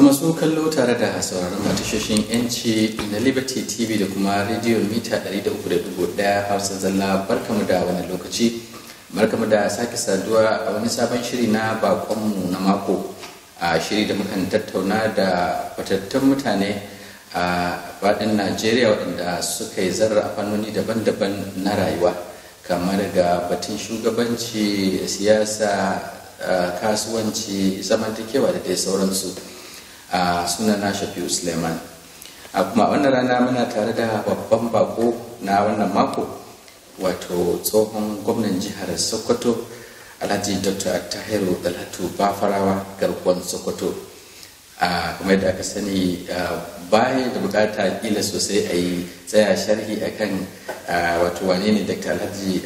masu kallo tare da sauraron matashoshin yanci na liberty tv da kuma radio mita 300.1 hausa zalla barkamu da wani lokaci barkamu da sake saduwa a wani sabon shiri na bakonmu na mako a shiri da mukan tattauna da fatattun mutane a faɗin najeriya waɗanda suka yi zarra a fannoni daban-daban na rayuwa kamar ga batun shugabanci siyasa kasuwanci zamantakewa da dai sauransu a suna na shafiu suleiman a kuma wannan rana muna tare da babban bako na wannan mako wato tsohon gwamnan jihar sokoto alhaji dr tahiru dalhatu bafarawa garkuwan sokoto a kuma yadda aka sani baya da bukata kila sosai a yi tsaya sharhi a kan wato wane ne alhaji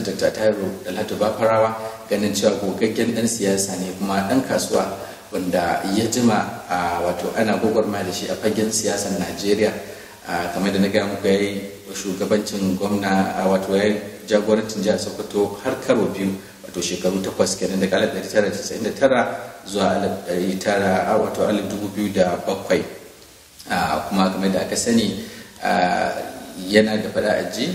dr tahiru dalhatu bafarawa ganin cewa gogaggen dan siyasa ne kuma dan kasuwa wanda ya jima wato ana gwagwarma da shi a fagen siyasar najeriya kamar da na gaya muku ya yi shugabancin gwamna wato ya jagorancin jihar sokoto har karo biyu wato shekaru takwas kenan daga alif ɗari tara da tara zuwa alif ɗari tara wato alif dubu biyu da bakwai kuma game da aka sani yana da faɗa a ji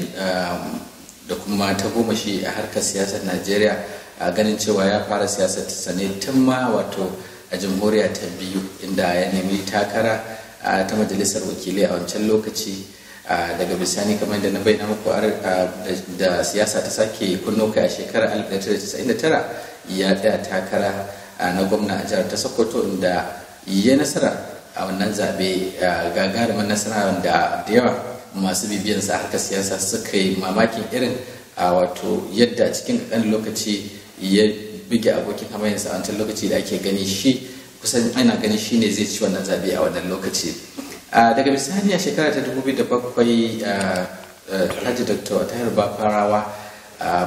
da kuma ta goma shi a harkar siyasar najeriya a ganin cewa ya fara siyasar ta sane tun ma wato a jamhuriya ta biyu inda ya nemi takara ta majalisar wakilai a wancan lokaci daga bisani kamar da na bayyana muku da siyasa ta sake kunno kai a shekarar 1999 ya tsaya takara na gwamna a jihar ta sokoto inda ya nasara a wannan zabe gagarumin nasara da da yawa masu bibiyan sa harkar siyasa suka yi mamakin irin a wato yadda cikin kan lokaci ya bige abokin hamayensa a wancan lokaci da ake gani shi kusan ana gani shi ne zai ci wannan zabe a wannan lokaci daga bisani a shekara ta 2007 Alhaji dr tahir bafarawa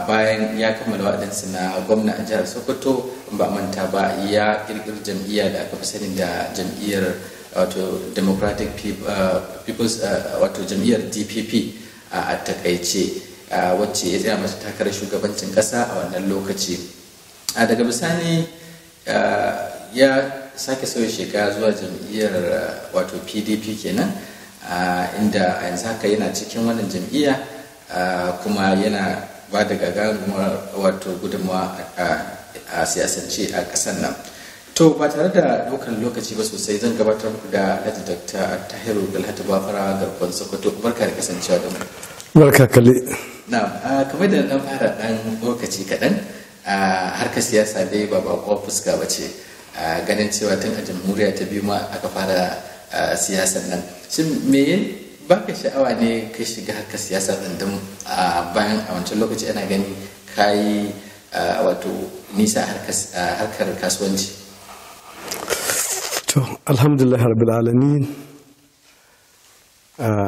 bayan ya kammala waɗansu na gwamna a jihar sokoto ba manta ba ya kirkir jam'iyya da aka fi sani da jam'iyyar wato democratic people's wato jam'iyyar dpp a takaice wacce ya tsaya masu takarar shugabancin ƙasa a wannan lokaci daga bisani ya sake sauya shekara zuwa jam'iyyar uh, wato pdp kenan uh, inda a yanzu haka yana cikin wannan jam'iyya uh, kuma yana ba da gagarumar wato gudunmawa a siyasance a ƙasar nan to ba tare da ɗaukar lokaci ba sosai zan gabatar muku da alhaji dr tahiru galhatu bafara garkon sokoto barka da kasancewa da mu barka kalli na kamar da na fara ɗan lokaci kaɗan harkar siyasa dai ba baƙon fuska ba ce a ganin cewa tun a jamhuriya ta biyu ma aka fara siyasar nan shin me baka sha'awa ne ka shiga haka siyasar ɗin a bayan a wancan lokaci ana gani ka yi wato nisa harkar kasuwanci to alhamdulillah rabbil alamin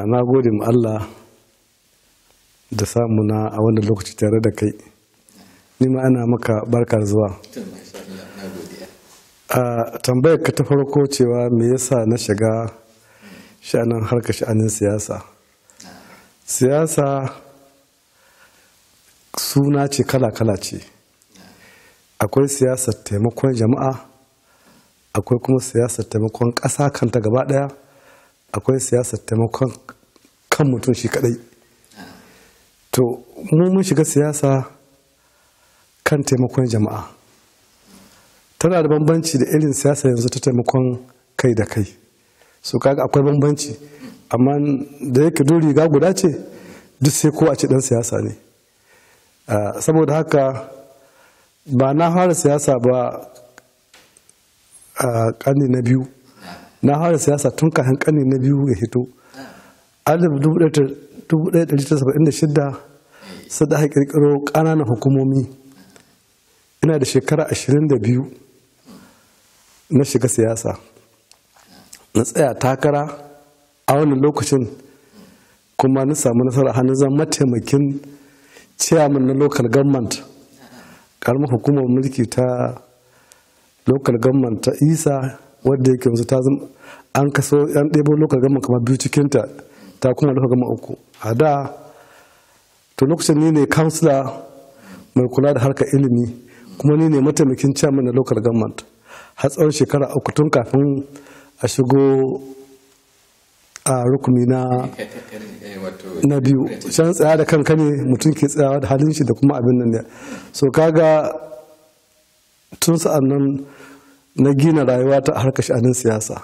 na gode mu Allah da samuna a wannan lokaci tare da kai ni ma ana maka barkar zuwa a tambayar ka ta farko cewa me yasa na shiga sha'anin harka sha'anin siyasa siyasa suna ce kala-kala ce akwai siyasar taimakon jama'a akwai kuma siyasar taimakon ƙasa kanta gaba ɗaya akwai siyasar taimakon kan mutum shi kadai to mun shiga siyasa kan taimakon jama'a tana da bambanci da irin siyasa yanzu ta taimakon kai da kai so kaga akwai bambanci amma da yake duri riga guda ce duk sai ko a ce dan siyasa ne ah, saboda haka ba na fara siyasa ba a ah, karni na biyu na fara siyasa tun kafin karni na biyu ya hito alif 1976 sai da aka ƙananan hukumomi ina da shekara 22 na shiga siyasa na tsaya takara a wani lokacin kuma na samu nasara hannun zan mataimakin chairman na local government karamar hukumar mulki ta local government ta isa wadda yake yanzu ta zama an kaso yan ɗebo local government kamar biyu cikinta ta kuma local government uku a da to lokacin ni ne kansila mai kula da harkar ilimi kuma ni ne mataimakin chairman na local government har tsawon shekara uku tun kafin a shigo a rukuni na na biyu shan tsaya da kanka ne mutum ke tsayawa da halin shi da kuma abin nan ne so kaga tun sa'an nan na gina rayuwa ta harkar sha'anin siyasa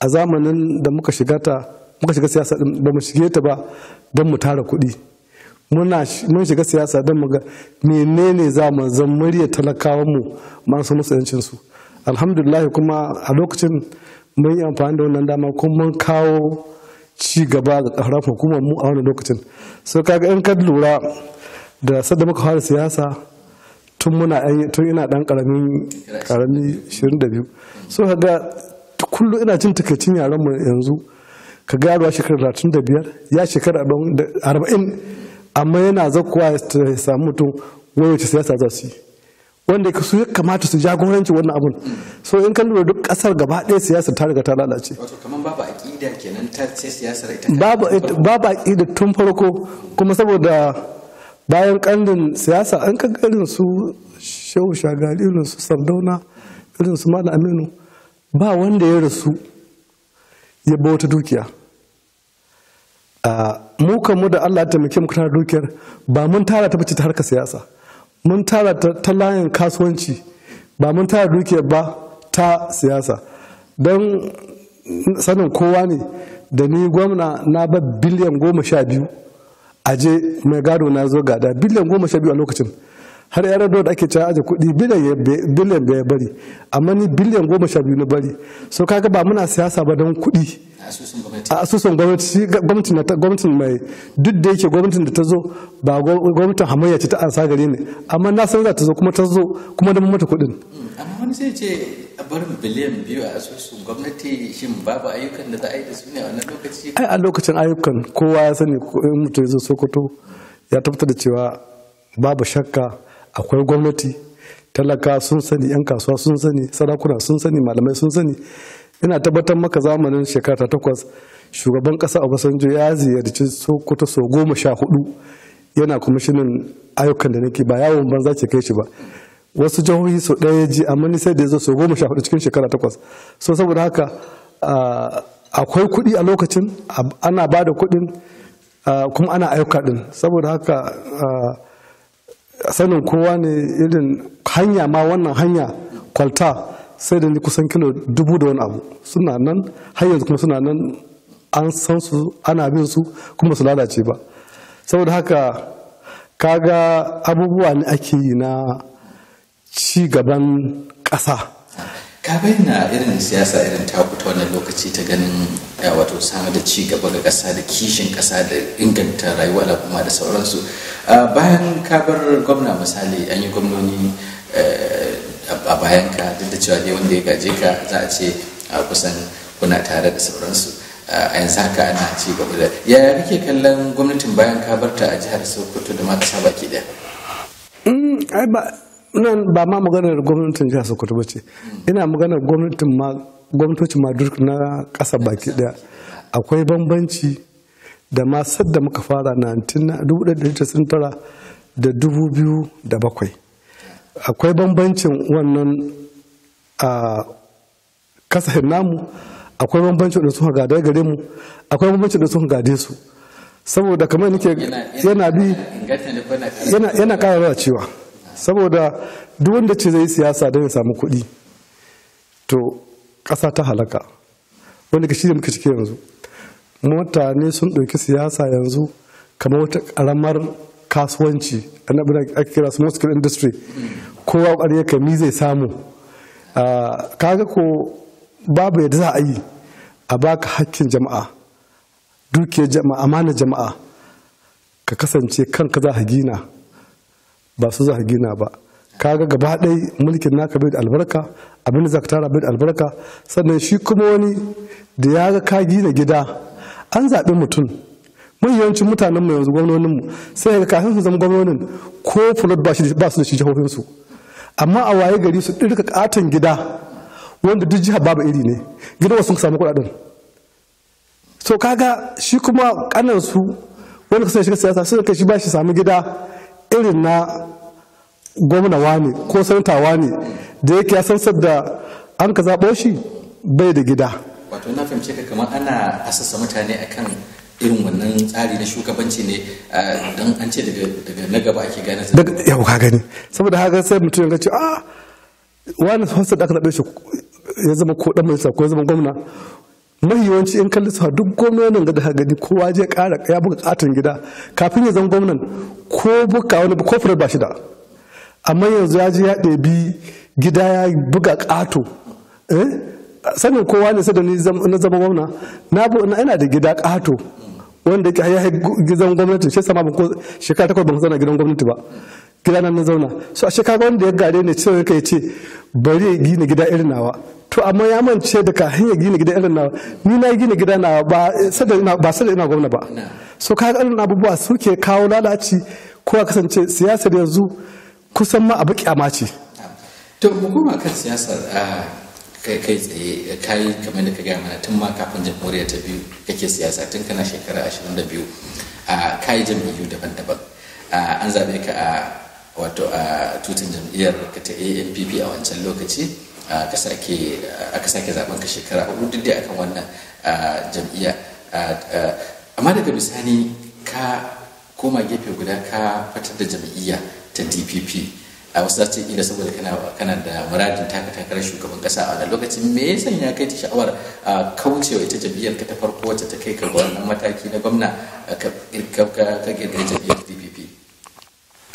a zamanin da muka shiga ta muka shiga siyasa ba mu shige ta ba don mu tara kuɗi mun shiga siyasa don mu ga menene za mu zan murya talakawanmu masu musu yancinsu su alhamdulillah kuma a lokacin mun yi amfani da wannan dama kuma mun kawo ci gaba ga harafin hukumar mu a wannan lokacin so kaga in ka lura da sadda muka fara siyasa tun muna tun ina dan karamin karami 22 so kaga kullum ina cin takaicin yaran mu yanzu ka ga yaro shekara 35 ya shekara 40 amma yana zakuwa ya samu mutum wai wace siyasa za su yi wanda su ya kamata su jagoranci wannan abun so in kan lura duk kasar gaba ɗaya siyasa ta riga ta lalace babu aƙida tun farko kuma saboda bayan ƙandin siyasa an kan irin su shehu shagali irin su sardauna irin su malam aminu ba wanda ya rasu ya bauta dukiya ah, mu kan mu da Allah ta mu tara dukiyar ba mun tara ta bace ta harkar siyasa mun tara ta layin kasuwanci ba mun tara dukiyar ba ta siyasa don sanin kowa ne da ni gwamna na ba biliyan goma sha biyu je mai gado na zo gada biliyan goma sha biyu a lokacin har yara da ake cewa aje kuɗi biliyan bai bari amma ni biliyan goma sha biyu na bari so kaga ba muna siyasa ba don kuɗi a asusun gwamnati gwamnatin mai duk da yake gwamnatin da ta zo ba gwamnatin hamayya ce ta ansa gare ne amma na san za ta zo kuma ta zo kuma da mata kuɗin hmm, amma wani sai ce a bar biliyan biyu a asusun gwamnati shin babu ayyukan da za a yi da su ne a wannan lokaci ai a lokacin ayyukan kowa ya sani in mutum ya zo sokoto ya tabbatar da cewa babu shakka akwai gwamnati talaka sun sani yan kasuwa sun sani sarakuna sun sani malamai sun sani ina tabbatar maka zamanin shekara ta takwas shugaban kasa obasanjo ya ziyarci sokoto so goma sha hudu yana kwamishinin ayyukan da nake ba yawon banza ce kai shi ba wasu jihohi sau ɗaya ya ji amma ni sai da ya zo so goma sha hudu cikin shekara takwas so saboda haka akwai kuɗi a lokacin ana ba da kuɗin kuma ana ayyuka din saboda haka sanin kowa ne irin hanya ma wannan hanya kwalta sai da ni kusan kilo dubu da wani abu suna nan har yanzu kuma suna nan an san su ana bin su kuma su lalace ba saboda haka kaga abubuwa ne ake yi na ci gaban ƙasa ka bayyana irin siyasa irin taku ta wannan lokaci ta ganin wato samar da ci gaba ga kasa da kishin kasa da inganta rayuwa al'umma da sauransu bayan ka bar gwamna misali an yi gwamnoni eh, a bayan ka duk da cewa ne wanda ya gaje ka za a ce a kusan kuna tare da sauransu a yanzu haka ana ci gaba da yaya kake kallon gwamnatin bayan ka barta a jihar sokoto da ma saba mm, baki ɗaya nan ba ma maganar gwamnatin jihar sokoto ba ce ina maganar gwamnatin ma gwamnatocin ma duk na ƙasa baki ɗaya akwai bambanci da ma sadda muka fara na 1999 da 2007 akwai bambancin wannan a kasashen namu akwai bambancin da sun gada gare mu akwai bambancin da sun gade su saboda kamar nake yana bi yana ƙara cewa saboda duk wanda ce zai siyasa don ya samu kuɗi to ƙasa ta halaka wanda ka shirya muka cike yanzu mutane sun ɗauki siyasa yanzu kamar wata ƙaramar kasuwanci annabi ake kira small scale industry kowa ƙwari ya kami zai samu ah, kaga ko babu yadda za a yi a baka hakkin jama'a dukiyar jama'a amana jama'a ka kasance kanka za ka gina ba su za na gina ba kaga gaba ɗai mulkin naka bai da albarka abin da za tara bai da albarka sannan shi kuma wani da ya ga ka gina gida an zaɓi mutum Mun yawancin mutanen mu yanzu gwamnonin mu sai ga kafin su zama gwamnonin ko fulot ba su da shi jihohin su amma a waye gari su ɗirka katon gida wanda duk jiha babu iri ne gida wasu samu kuɗaɗen so kaga shi kuma kanan wanda kasance shiga siyasa sai kai shi ba shi samu gida irin na gwamna ne, ko sanata wani da yake ya san da an ka zaɓo shi bai da gida wato na fahimce ka kamar ana asasa mutane a kan irin wannan tsari na shugabanci ne eh, don an ce daga na gaba ake gane daga yau ka gani saboda haka sai mutum ya ce a ah, wani sansa da aka zaɓe shi ya zama ko dan majalisa ko ya zama gwamna mafi yawanci in kalli sa duk gwamnonin da daga gani kowa je kara ya buga katin gida kafin ya zama gwamnan ko buka wani ko fure ba shi da amma yanzu ya je ya ɗebi gida ya buga ƙato eh? sanin kowa ne sai da na zama gwamna na ina da gida ƙato wanda ya yi gidan gwamnati shi sama ban ko shekara takwas ban zana gidan gwamnati ba gida na zauna so ashe kaga wanda ya gare ne cewa kai ce bari ya gina gida irin nawa to amma ya mance da ka ya gina gida irin nawa ni na gina gida nawa ba sada ina ba sada ina gwamna ba so kaga irin abubuwa suke kawo lalaci ko a kasance siyasar yanzu kusan ma abu kyama ce to mu koma kan siyasar kai kai tsaye kai kamar da ka gaya mana tun ma kafin jamhuriyar ta biyu kake siyasa tun kana shekara 22 a kai jam'iyyu daban-daban an zabe ka a wato a tutun jam'iyyar ta ampp a wancan lokaci aka sake zaben ka shekara hudu duk da akan wannan jam'iyya amma daga bisani ka koma gefe guda ka fitar da jam'iyya ta dpp a wasu zace ila saboda kana kana da muradin taka takarar shugaban kasa a wannan lokacin me ya sanya kai ta sha'awar kaucewa ita jam'iyyar ka ta farko wacce ta kai ka wannan mataki na gwamna ka ka ka jam'iyyar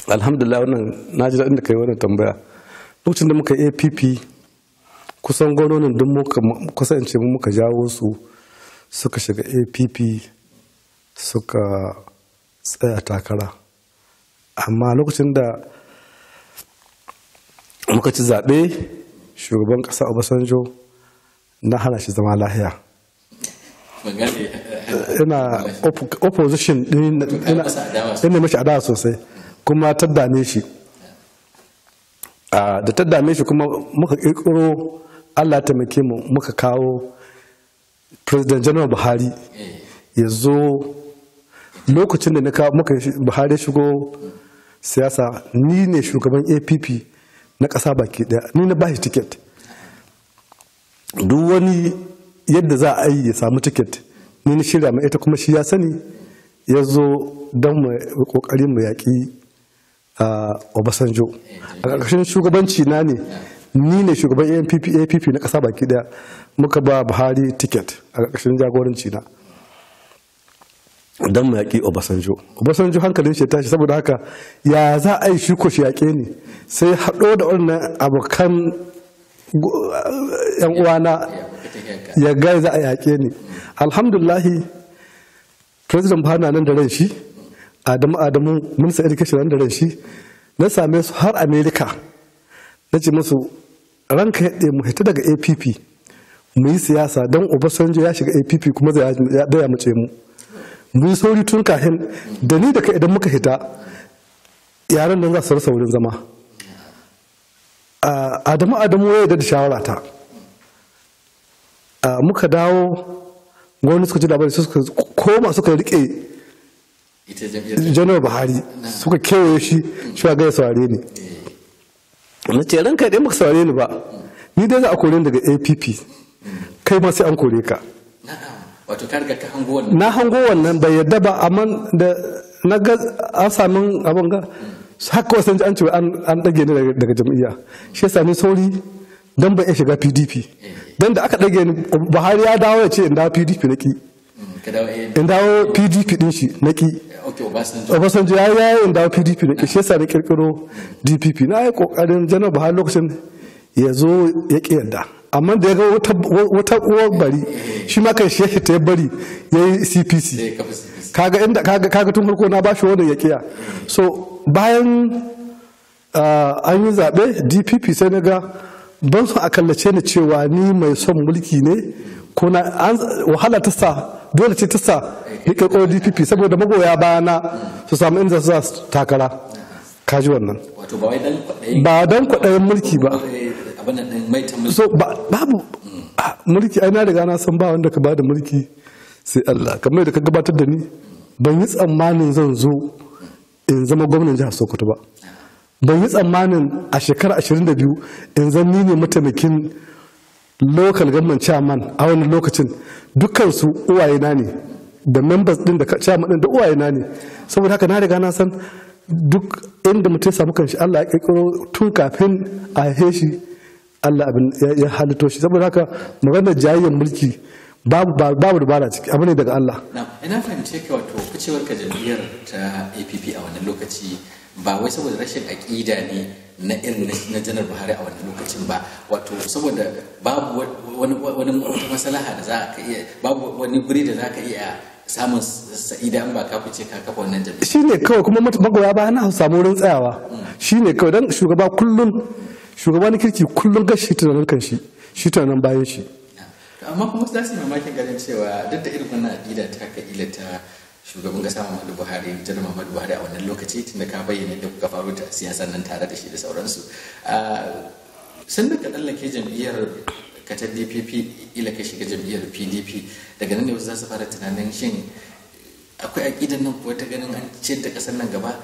alhamdulillah wannan na ji daɗin da kai wannan tambaya lokacin da muka yi app kusan gwamnonin duk muka kusance mu muka jawo su suka shiga app suka tsaya takara amma lokacin da muka ci zaɓe shugaban ƙasa obasanjo na hana shi zama lahiya ina opposition ina mashi adawa sosai kuma ta dame shi da ta dame shi kuma muka kirkiro allah taimake mu muka kawo president general buhari eh. ya zo lokacin da muka buhari shigo siyasa ni ne shugaban app na ƙasa baki daya ni na bashi tiket duk wani yadda za a yi ya samu tiket ni na shirya ma ita kuma shi ya sani ya zo don mu kokari mu yaƙi obasanjo a ƙarƙashin shugabanci na ne ni ne shugaban app na ƙasa baki ɗaya muka ba buhari ticket a ƙarƙashin jagoranci na don mu yaƙi obasanjo obasanjo hankalin shi tashi saboda haka ya za a yi shi shi yaƙe ni sai haɗo da wannan abokan yan uwana ya gai za a yaƙe ni alhamdulahi president buhari na nan da ran shi adamu adamu minista education da ran shi na same su har america na ce musu ranka ya mu hita daga app mu yi siyasa don obasanjo ya shiga app kuma zai daya mace mu mu yi sauri tun kahin da ni da kai idan muka hita yaran nan za su rasa wurin zama adamu adamu ya da shawara ta muka dawo gwamnati suka ji labari suka koma suka rike janar buhari suka kewaye shi shi ga saurare ne eh. na ce ranka dai maka saurare ni ba ni dai za a kore daga app kai ma sai an kore ka wato ka riga ka hango wannan na hango wannan bai yadda ba amma da na ga an samu abin ga haka wasu an ce an ɗage ni daga jam'iyya shi yasa ni sauri dan ban iya shiga PDP eh. dan da aka ɗage ni Buhari ya dawo ya ce in dawo PDP na ki mm, in dawo PDP din shi na ki dauke Obasanjo ya yi in dawo PDP ne kishe sa da kirkiro DPP na yi kokarin Janar Buhari lokacin ya zo ya ƙi yadda amma da ya ga wata uwar bari shi ma kan shi ta bari ya yi CPC eh, kaga inda kaga tun farko na bashi wannan ya kiya so bayan an yi zaɓe DPP sai na ga ban su a kallace ni cewa ni mai son mulki ne ko na wahala ta sa dole ce ta sa hikakon dpp saboda magoya bayana su samu inda su za su takara kaji wannan ba dan kwaɗayin mulki ba so babu hmm. ah, mulki ai na riga san ba wanda ka bada mulki sai Allah kamar da ka gabatar da ni ban yi tsammanin zan zo in zama gwamnan jihar Sokoto ba ban yi tsammanin a shekara 22 in zan ni ne mataimakin local government chairman a wani lokacin dukansu na ne da members din da chairman din da na ne saboda haka na riga na san duk inda mutum samu kanshi Allah ya kirkiro tun kafin a haife shi Allah abin ya halitto shi saboda haka maganar jayayyar mulki babu dubara ciki abu ne daga Allah. Ina fahimce ka wato ficewar ka jam'iyyar ta APP a wannan lokaci ba wai saboda rashin aƙida ne na na janar buhari a wannan lokacin ba wato saboda babu wani masalaha da za ka iya babu wani guri da za ka iya samun sa'ida an ba ka fice ka kafa wannan jami'a shine kawai kuma magoya ba na samu wurin tsayawa mm. shine kawai dan shugaba kullum shugaba na kirki kullum gashi tunanin kan shi shi tunanin bayan shi amma kuma za su yi mamakin ganin cewa duk da irin wannan aƙida ta ka ilata shugaban kasa Muhammadu Buhari janar Muhammadu Buhari a wannan lokaci tunda ka bayyana da kuka faru ta siyasar nan tare da shi da sauransu sun da ka lake jam'iyyar ka ta DPP ila ka shiga jam'iyyar PDP daga nan ne wasu za su fara tunanin shin akwai aƙidan nan kuwa ta ganin an ce da ƙasar nan gaba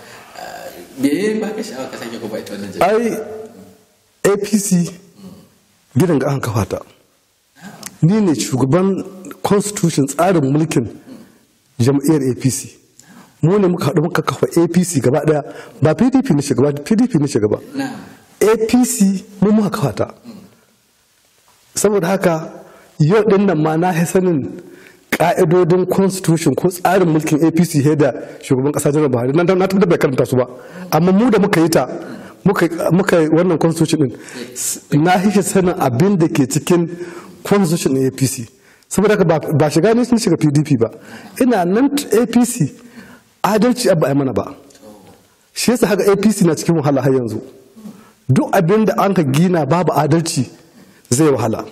me ya ba ka sha'awa ka sake kuma ita wannan jam'iyyar ai APC gidan ga an kafa ta ah. ni ne shugaban constitution tsarin mulkin jam'iyyar apc mu ne muka haɗu muka kafa apc gaba ɗaya ba pdp na ba pdp na ba apc mu muka kafa ta saboda haka yau ɗin nan ma na sanin ƙa'idodin constitution ko tsarin mulkin apc he da shugaban ƙasa jiran buhari nan na da bai karanta su ba amma mu da muka yi ta muka yi wannan constitution ɗin na hishe sanin abin da ke cikin constitution apc saboda haka ba shiga ne sun shiga pdp ba ina nan apc adalci abu a mana ba shi yasa haka apc na cikin wahala har yanzu duk abin da an ka gina babu adalci zai wahala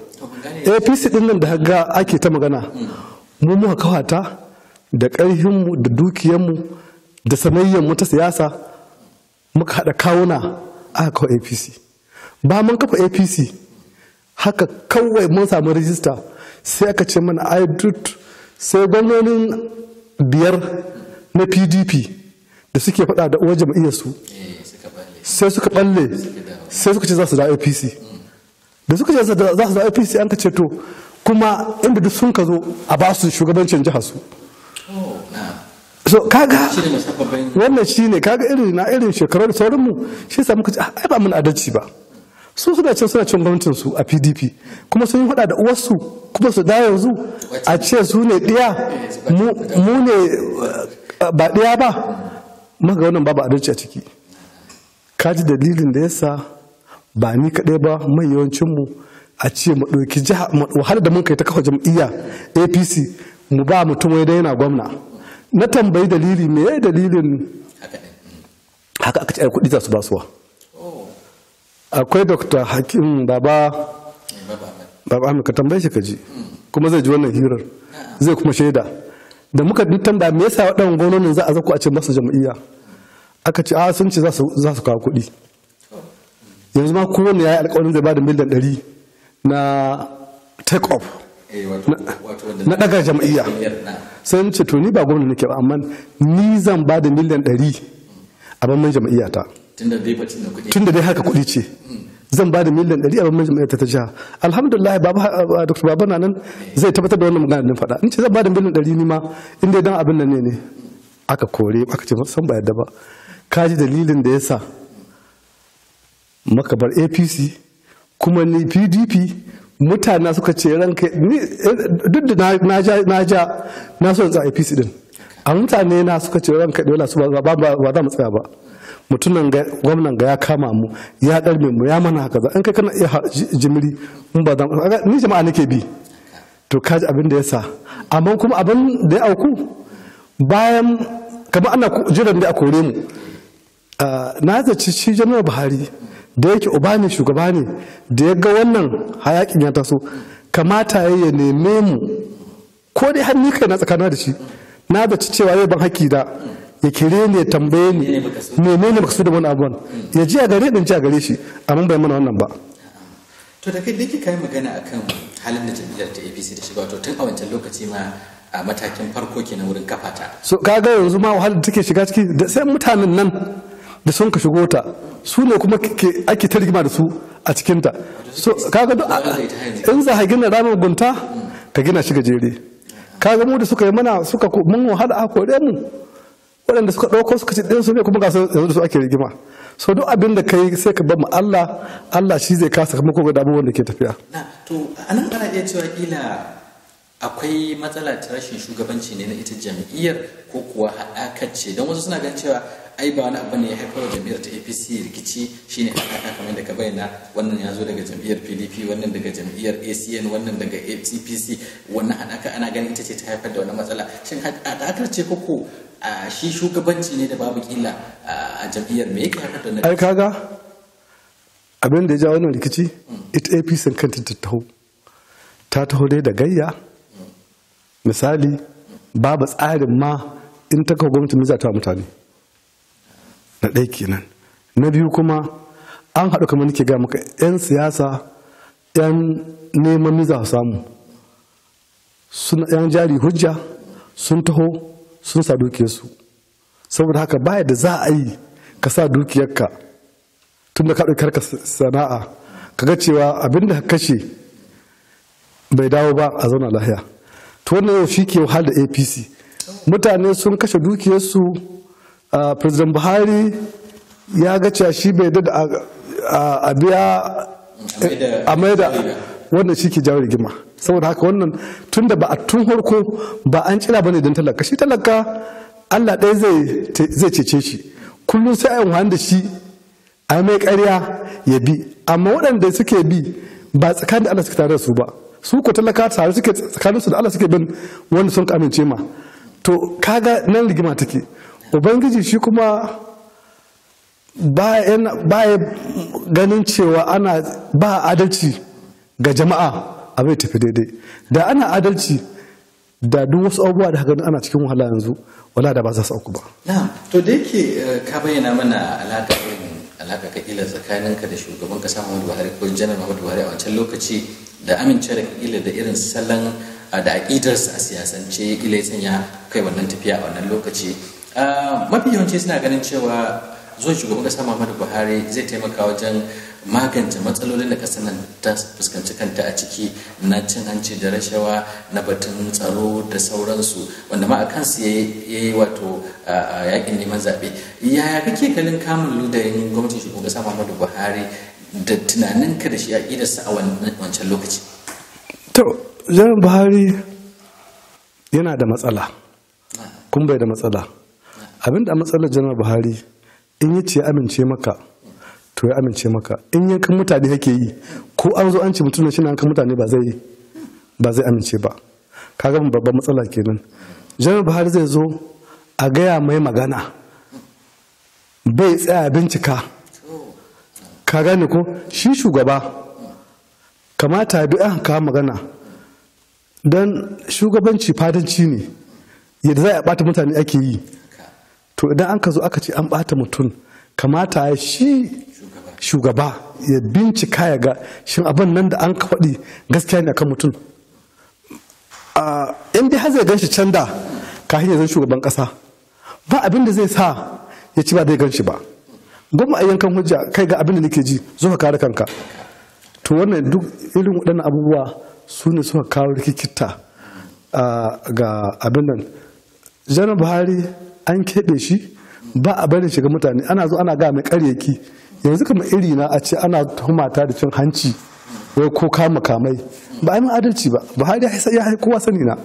apc din nan da ga ake ta magana mu muka kawata da ƙarfinmu da dukiyanmu da mu ta siyasa muka haɗa kawuna A kawo apc ba mun kafa apc haka kawai mun samu rijista sai aka ce mana ai duk sai gwamnonin biyar na pdp da suke faɗa da uwar su sai suka balle sai suka ce za su da apc da suka ce za su da apc an ka ce to kuma inda duk sun ka zo a ba su shugabancin jihar su so kaga wannan shine kaga irin na irin shekarar sauranmu shi sa muka ce ah, ai ba mun adalci ba su suna can suna cin gwamnatin su a pdp kuma sun yi hada da uwarsu kuma su da yanzu a ce su ne ɗiya mu ne eh, ba ɗiya ba maka wannan babu adalci a ciki ka ji dalilin da yasa ba ni kaɗai ba mai mu a ce mu ɗauki jiha wahala da mun kai ta kafa jam'iyya apc mu ba mutum wai yana gwamna na tambayi dalili me dalilin haka aka ci ai kuɗi za su basuwa akwai dr hakim baba baba ka tambaye shi ka ji kuma zai ji wannan hirar zai kuma shaida da muka tambaya me yasa waɗannan gwamnonin za a zako a ce masa jam'iyya aka ce a sun ce za su kawo kuɗi yanzu ma kowane ya yi alkawarin zai ba da miliyan ɗari na take off eh, na ɗaga jam'iyya sai ce to ni ba gwamna nake ba amma ni zan ba da miliyan ɗari a bamban jam'iyyata tunda dai haka kuɗi ce zan ba da miliyan ɗari a babban jami'ar ta jiha alhamdulillah dr baba na nan zai tabbatar da wannan da faɗa in ce zan ba da miliyan ɗari ni ma in dai dan abin nan ne ne aka kore aka ce san ba yadda ba ka ji dalilin da ya sa makabar apc kuma ni pdp mutane suka ce ranka duk da na ja na so a apc din a mutane na suka ce ranka dole su ba za mu tsaya ba mutumin gwamnan ga ya kama mu ya ɗarme mu ya mana haka in kai kana iya jimiri in ba zan ni jama'a nake bi to kaji abin da ya sa amma kuma abin da ya auku bayan kamar ana jiran da a kore mu ah, na zaci shi janar buhari da yake uba ne shugaba ne da ya ga wannan hayakin ya taso kamata ya neme mu ko dai har ni kai na tsakana da shi na zaci cewa yau ban haƙi da ya kire ni ya tambaye ni menene baka so da wani abuwan ya ji a gare din ji a gare shi amma bai mana wannan ba to da kai da kai magana akan halin da jami'ar ta APC da shiga wato tun a wancan lokaci ma a matakin farko kenan wurin kafata so kaga yanzu ma wahalar da take shiga ciki da sai mutanen nan da sun ka shigo ta su ne kuma ake ta rigima da su a cikinta so kaga duk in za ka gina ramin gunta ka gina shi gajere kaga mu da suka yi mana suka mun wahala a kore mu waɗanda suka ɗauko suka ce ɗin ne kuma ga su yanzu da su ake rigima so duk abin da kai sai ka bamu Allah Allah shi zai kasa kuma ko ga abubuwan da ke tafiya to anan ana iya cewa kila akwai matsala ta rashin shugabanci ne na ita jam'iyyar ko kuwa haɗakar ce don wasu suna gan cewa ai ba wani abu ne ya haifar da jam'iyyar ta apc rikici shine haka kamar da ka bayyana wannan ya zo daga jam'iyyar pdp wannan daga jam'iyyar acn wannan daga APC. wannan haɗaka ana ganin ita ce ta haifar da wani matsala shin haɗakar ce koko a shi shugabanci ne da babu kila a jam'iyyar me yake haifar da wannan ai kaga abin da ya ja wannan rikici hmm. ita apc kanta ta taho ta taho dai da gayya hmm. misali hmm. babu tsarin ma in ta kawo gwamnati mai za mutane na ɗaya kenan na biyu kuma an haɗu kamar nake ga maka 'yan siyasa 'yan neman miza samu suna 'yan jari hujja sun taho sun sa dukiyarsu saboda haka baya da za a yi ka sa dukiyarka tun da ka karka sana'a ka ga cewa abinda ka kashe bai dawo ba a zauna lahiya to wannan yau shi ke wahala apc mutane sun kashe dukiyarsu president buhari ya ga cewa shi bai da a biya a maida wannan shi ke jawo rigima saboda haka wannan tun ba a tun harko ba an cira bane don talaka shi talaka allah ɗaya zai cece shi kullum sai a yi da shi a mai karya ya bi amma waɗanda suke bi ba tsakanin da allah suke tare da su ba su ko talaka tare suke tsakanin su da allah suke bin wanda sun amince ma to kaga nan rigima take ubangiji shi kuma ba ya ganin cewa ana ba adalci ga jama'a a bai tafi daidai da ana adalci da duk wasu abubuwa da hagani ana cikin wahala yanzu wala da ba za su auku ba to da yake eh, ka bayyana mana alaka alaka ka kila tsakaninka da shugaban kasa Muhammadu Buhari ko janar Muhammadu Buhari a wancan lokaci da amince da kila da irin salon eh, da aƙidarsa a siyasance kila ya sanya kai wannan tafiya a wannan lokaci Ah, mafi yawanci suna ganin cewa zuwa shugaban kasa muhammadu buhari zai taimaka wajen magance matsalolin da kasa nan ta fuskanci kanta a ciki na cin hanci da rashawa na batun tsaro da sauransu wanda ma a kansu ya yi wato yakin neman zaɓe yaya kake ganin kamun ludayin gwamnatin shugaban kasa muhammadu buhari da tunaninka da shi aƙidarsa a wancan lokaci to buhari yana da matsala ah. kun bai da matsala abinda a matsalar janar buhari in ya ce amince maka to ya amince maka in yankan mutane hake yi ko an zo an ce mutum shi na kan mutane ba zai ba zai amince ba kaga babban matsala kenan janar buhari zai zo a gaya mai magana bai tsaya bincika ka gane ko shi shugaba kamata bi an kawo magana don shugabanci fadanci ne yadda za a ɓata mutane ake yi to idan an ka zo aka ce an bata mutum kamata ya shi shugaba ya bincika ya ga shin abin nan da an ka faɗi gaskiya ne akan mutum in dai har zai gan shi da, kafin ya zan shugaban ƙasa ba abin da zai sa ya ci ba zai gan shi ba gwamma a yankan hujja kai ga abin da nake ji zo ka kare kanka to wannan duk irin waɗannan abubuwa su ne suka kawo rikikita ga abin nan janar buhari an keɓe shi ba a barin shiga mutane ana zo ana ga mai ƙaryaki yanzu kuma iri na a ce ana tuhumata da cin hanci wai ko kama kamai ba a yi adalci ba buhari ya kowa sani na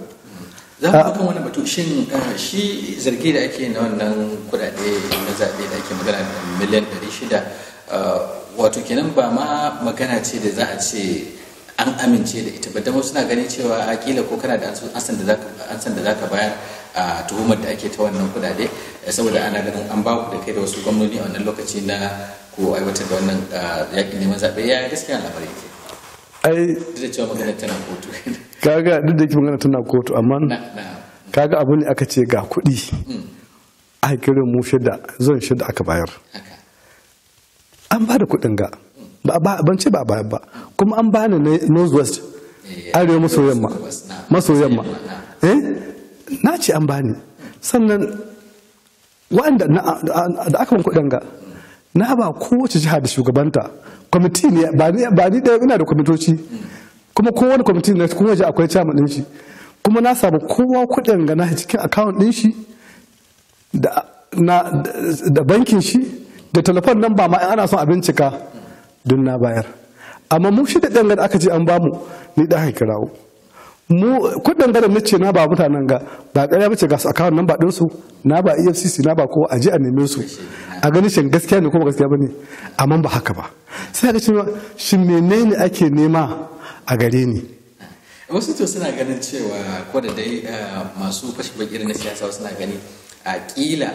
za mu kan ah. wani batu shin ah, shi zargi da ake na wannan kudade na zaɓe da ake magana da miliyan 600 ah, wato kenan ba ma magana ce da za a ce an amince da ita ba dan suna ganin cewa a kila ko kana da ansan da zaka ansan da bayar a tuhumar da ake ta wannan kudade saboda ana ganin an ba ku da kai da wasu gwamnoni a wannan lokaci na ko aiwatar da wannan yakin neman zaɓe ya gaskiya labarai ke ai duk da cewa magana tana kotu kaga duk da ke magana tana kotu amma kaga abu ne aka ce ga kuɗi a kirin mu shida zan shida aka bayar an ba da kuɗin ga ban ce ba bayan ba kuma an bani nose west arewa maso yamma maso yamma eh na ce an bani sannan wa'anda da aka ban danga na ba kowace jiha da shugabanta kwamiti ne ba ni ɗaya ina da kwamitoci kuma kowane kwamiti na kuma waje akwai chairman ɗin shi kuma na samu kowa kuɗin ga na cikin account ɗin shi da bankin shi da telefon nan ba ma ana son a bincika don na bayar amma mu shi da dangane aka ce an bamu ni da haika rawo mu kudin garin na ce na ba mutanen ga ba ƙarya bace ga su akawun nan ba ɗinsu na ba efcc na ba ko a je a neme su a ganin shin gaskiya ne ko ba gaskiya ba ne amma ba haka ba sai ka cewa shin menene ake nema a gare ni wasu to suna ganin cewa ko da dai eh, masu fashe bakin na siyasa suna gani a kila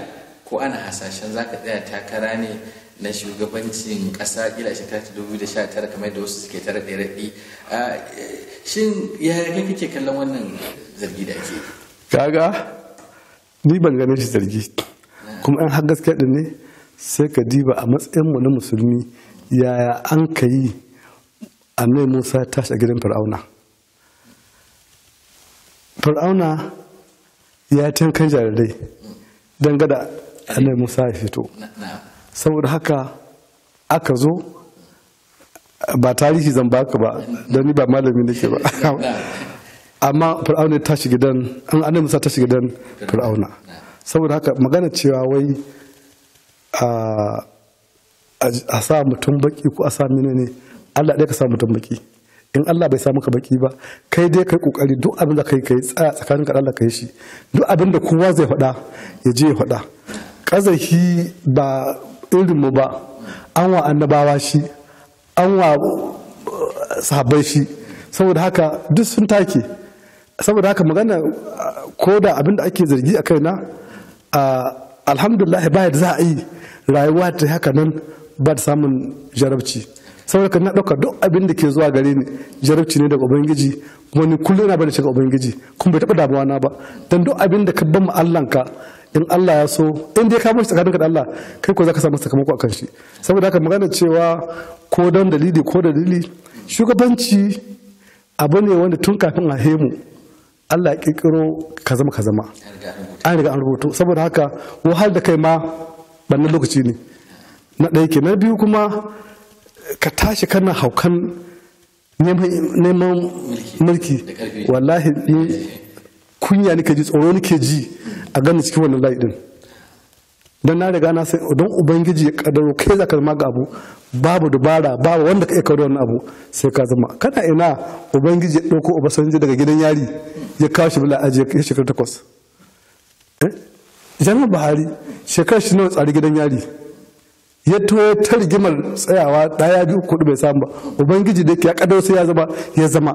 ko ana hasashen zaka tsaya takara ne na shugabancin ƙasa ila shekara ta dubu da sha tara kamar da wasu suke tara ɗaya raɗi shin ya kai kake kallon wannan zargi da ake kaga ni ban gane shi zargi kuma an har gaskiya din ne sai ka diba a matsayinmu na musulmi yaya an ka yi annai musa tashi a gidan fir'auna fir'auna ya tankan jarirai don gada annai musa ya fito saboda haka aka zo ba tarihi zan baka ba don ni ba malami nake ba amma fir'auna ta shiga dan an annabi musa ta shiga dan fir'auna saboda haka magana cewa wai a sa mutum baki ko a sa ne. Allah ɗaya ka sa mutum baki in Allah bai sa maka baki ba kai dai kai kokari duk abin da kai kai tsaya tsakanin ka Allah kai shi duk abin da kowa zai faɗa ya je ya faɗa kazahi ba irinmu ba an wa annabawa shi an wa uh, sahabbai shi saboda haka duk sun take saboda haka magana uh, ko da abin da ake zargi a kaina uh, alhamdulillah ba da za a yi rayuwa ta haka nan ba da samun jarabci saboda na ɗauka duk abin da ke zuwa gare ni jarabci ne daga ubangiji wani kullum yana bada shiga ubangiji kuma bai taɓa damuwa na ba don duk abin da ka ban mu ka. in Allah ya so in dai ka mashi tsakaninka da Allah kai ko zaka samu sakamako akan shi saboda haka magana cewa ko dan dalili ko dalili shugabanci abu ne wanda tun kafin a hemu Allah ya kirkiro ka zama ka zama an riga an rubuto saboda haka wahal da kai ma bannan lokaci ne na ɗaya ke na biyu kuma ka tashi kana haukan neman mulki wallahi kunya nake ji tsoro nike ji a gani cikin wannan layi din don na riga na sai don ubangiji ya kadaro kai zaka zama ga abu babu dubara babu wanda ka iya kawo wannan abu sai ka zama kana ina ubangiji ya dauko obasanji daga gidan yari ya kawo shi bala aje ya shekara takwas eh? janar buhari shekara shi nawa tsari gidan yari ya to ta rigimar tsayawa daya biyu kudu bai samu ba ubangiji da ya kadaro sai ya zama ya zama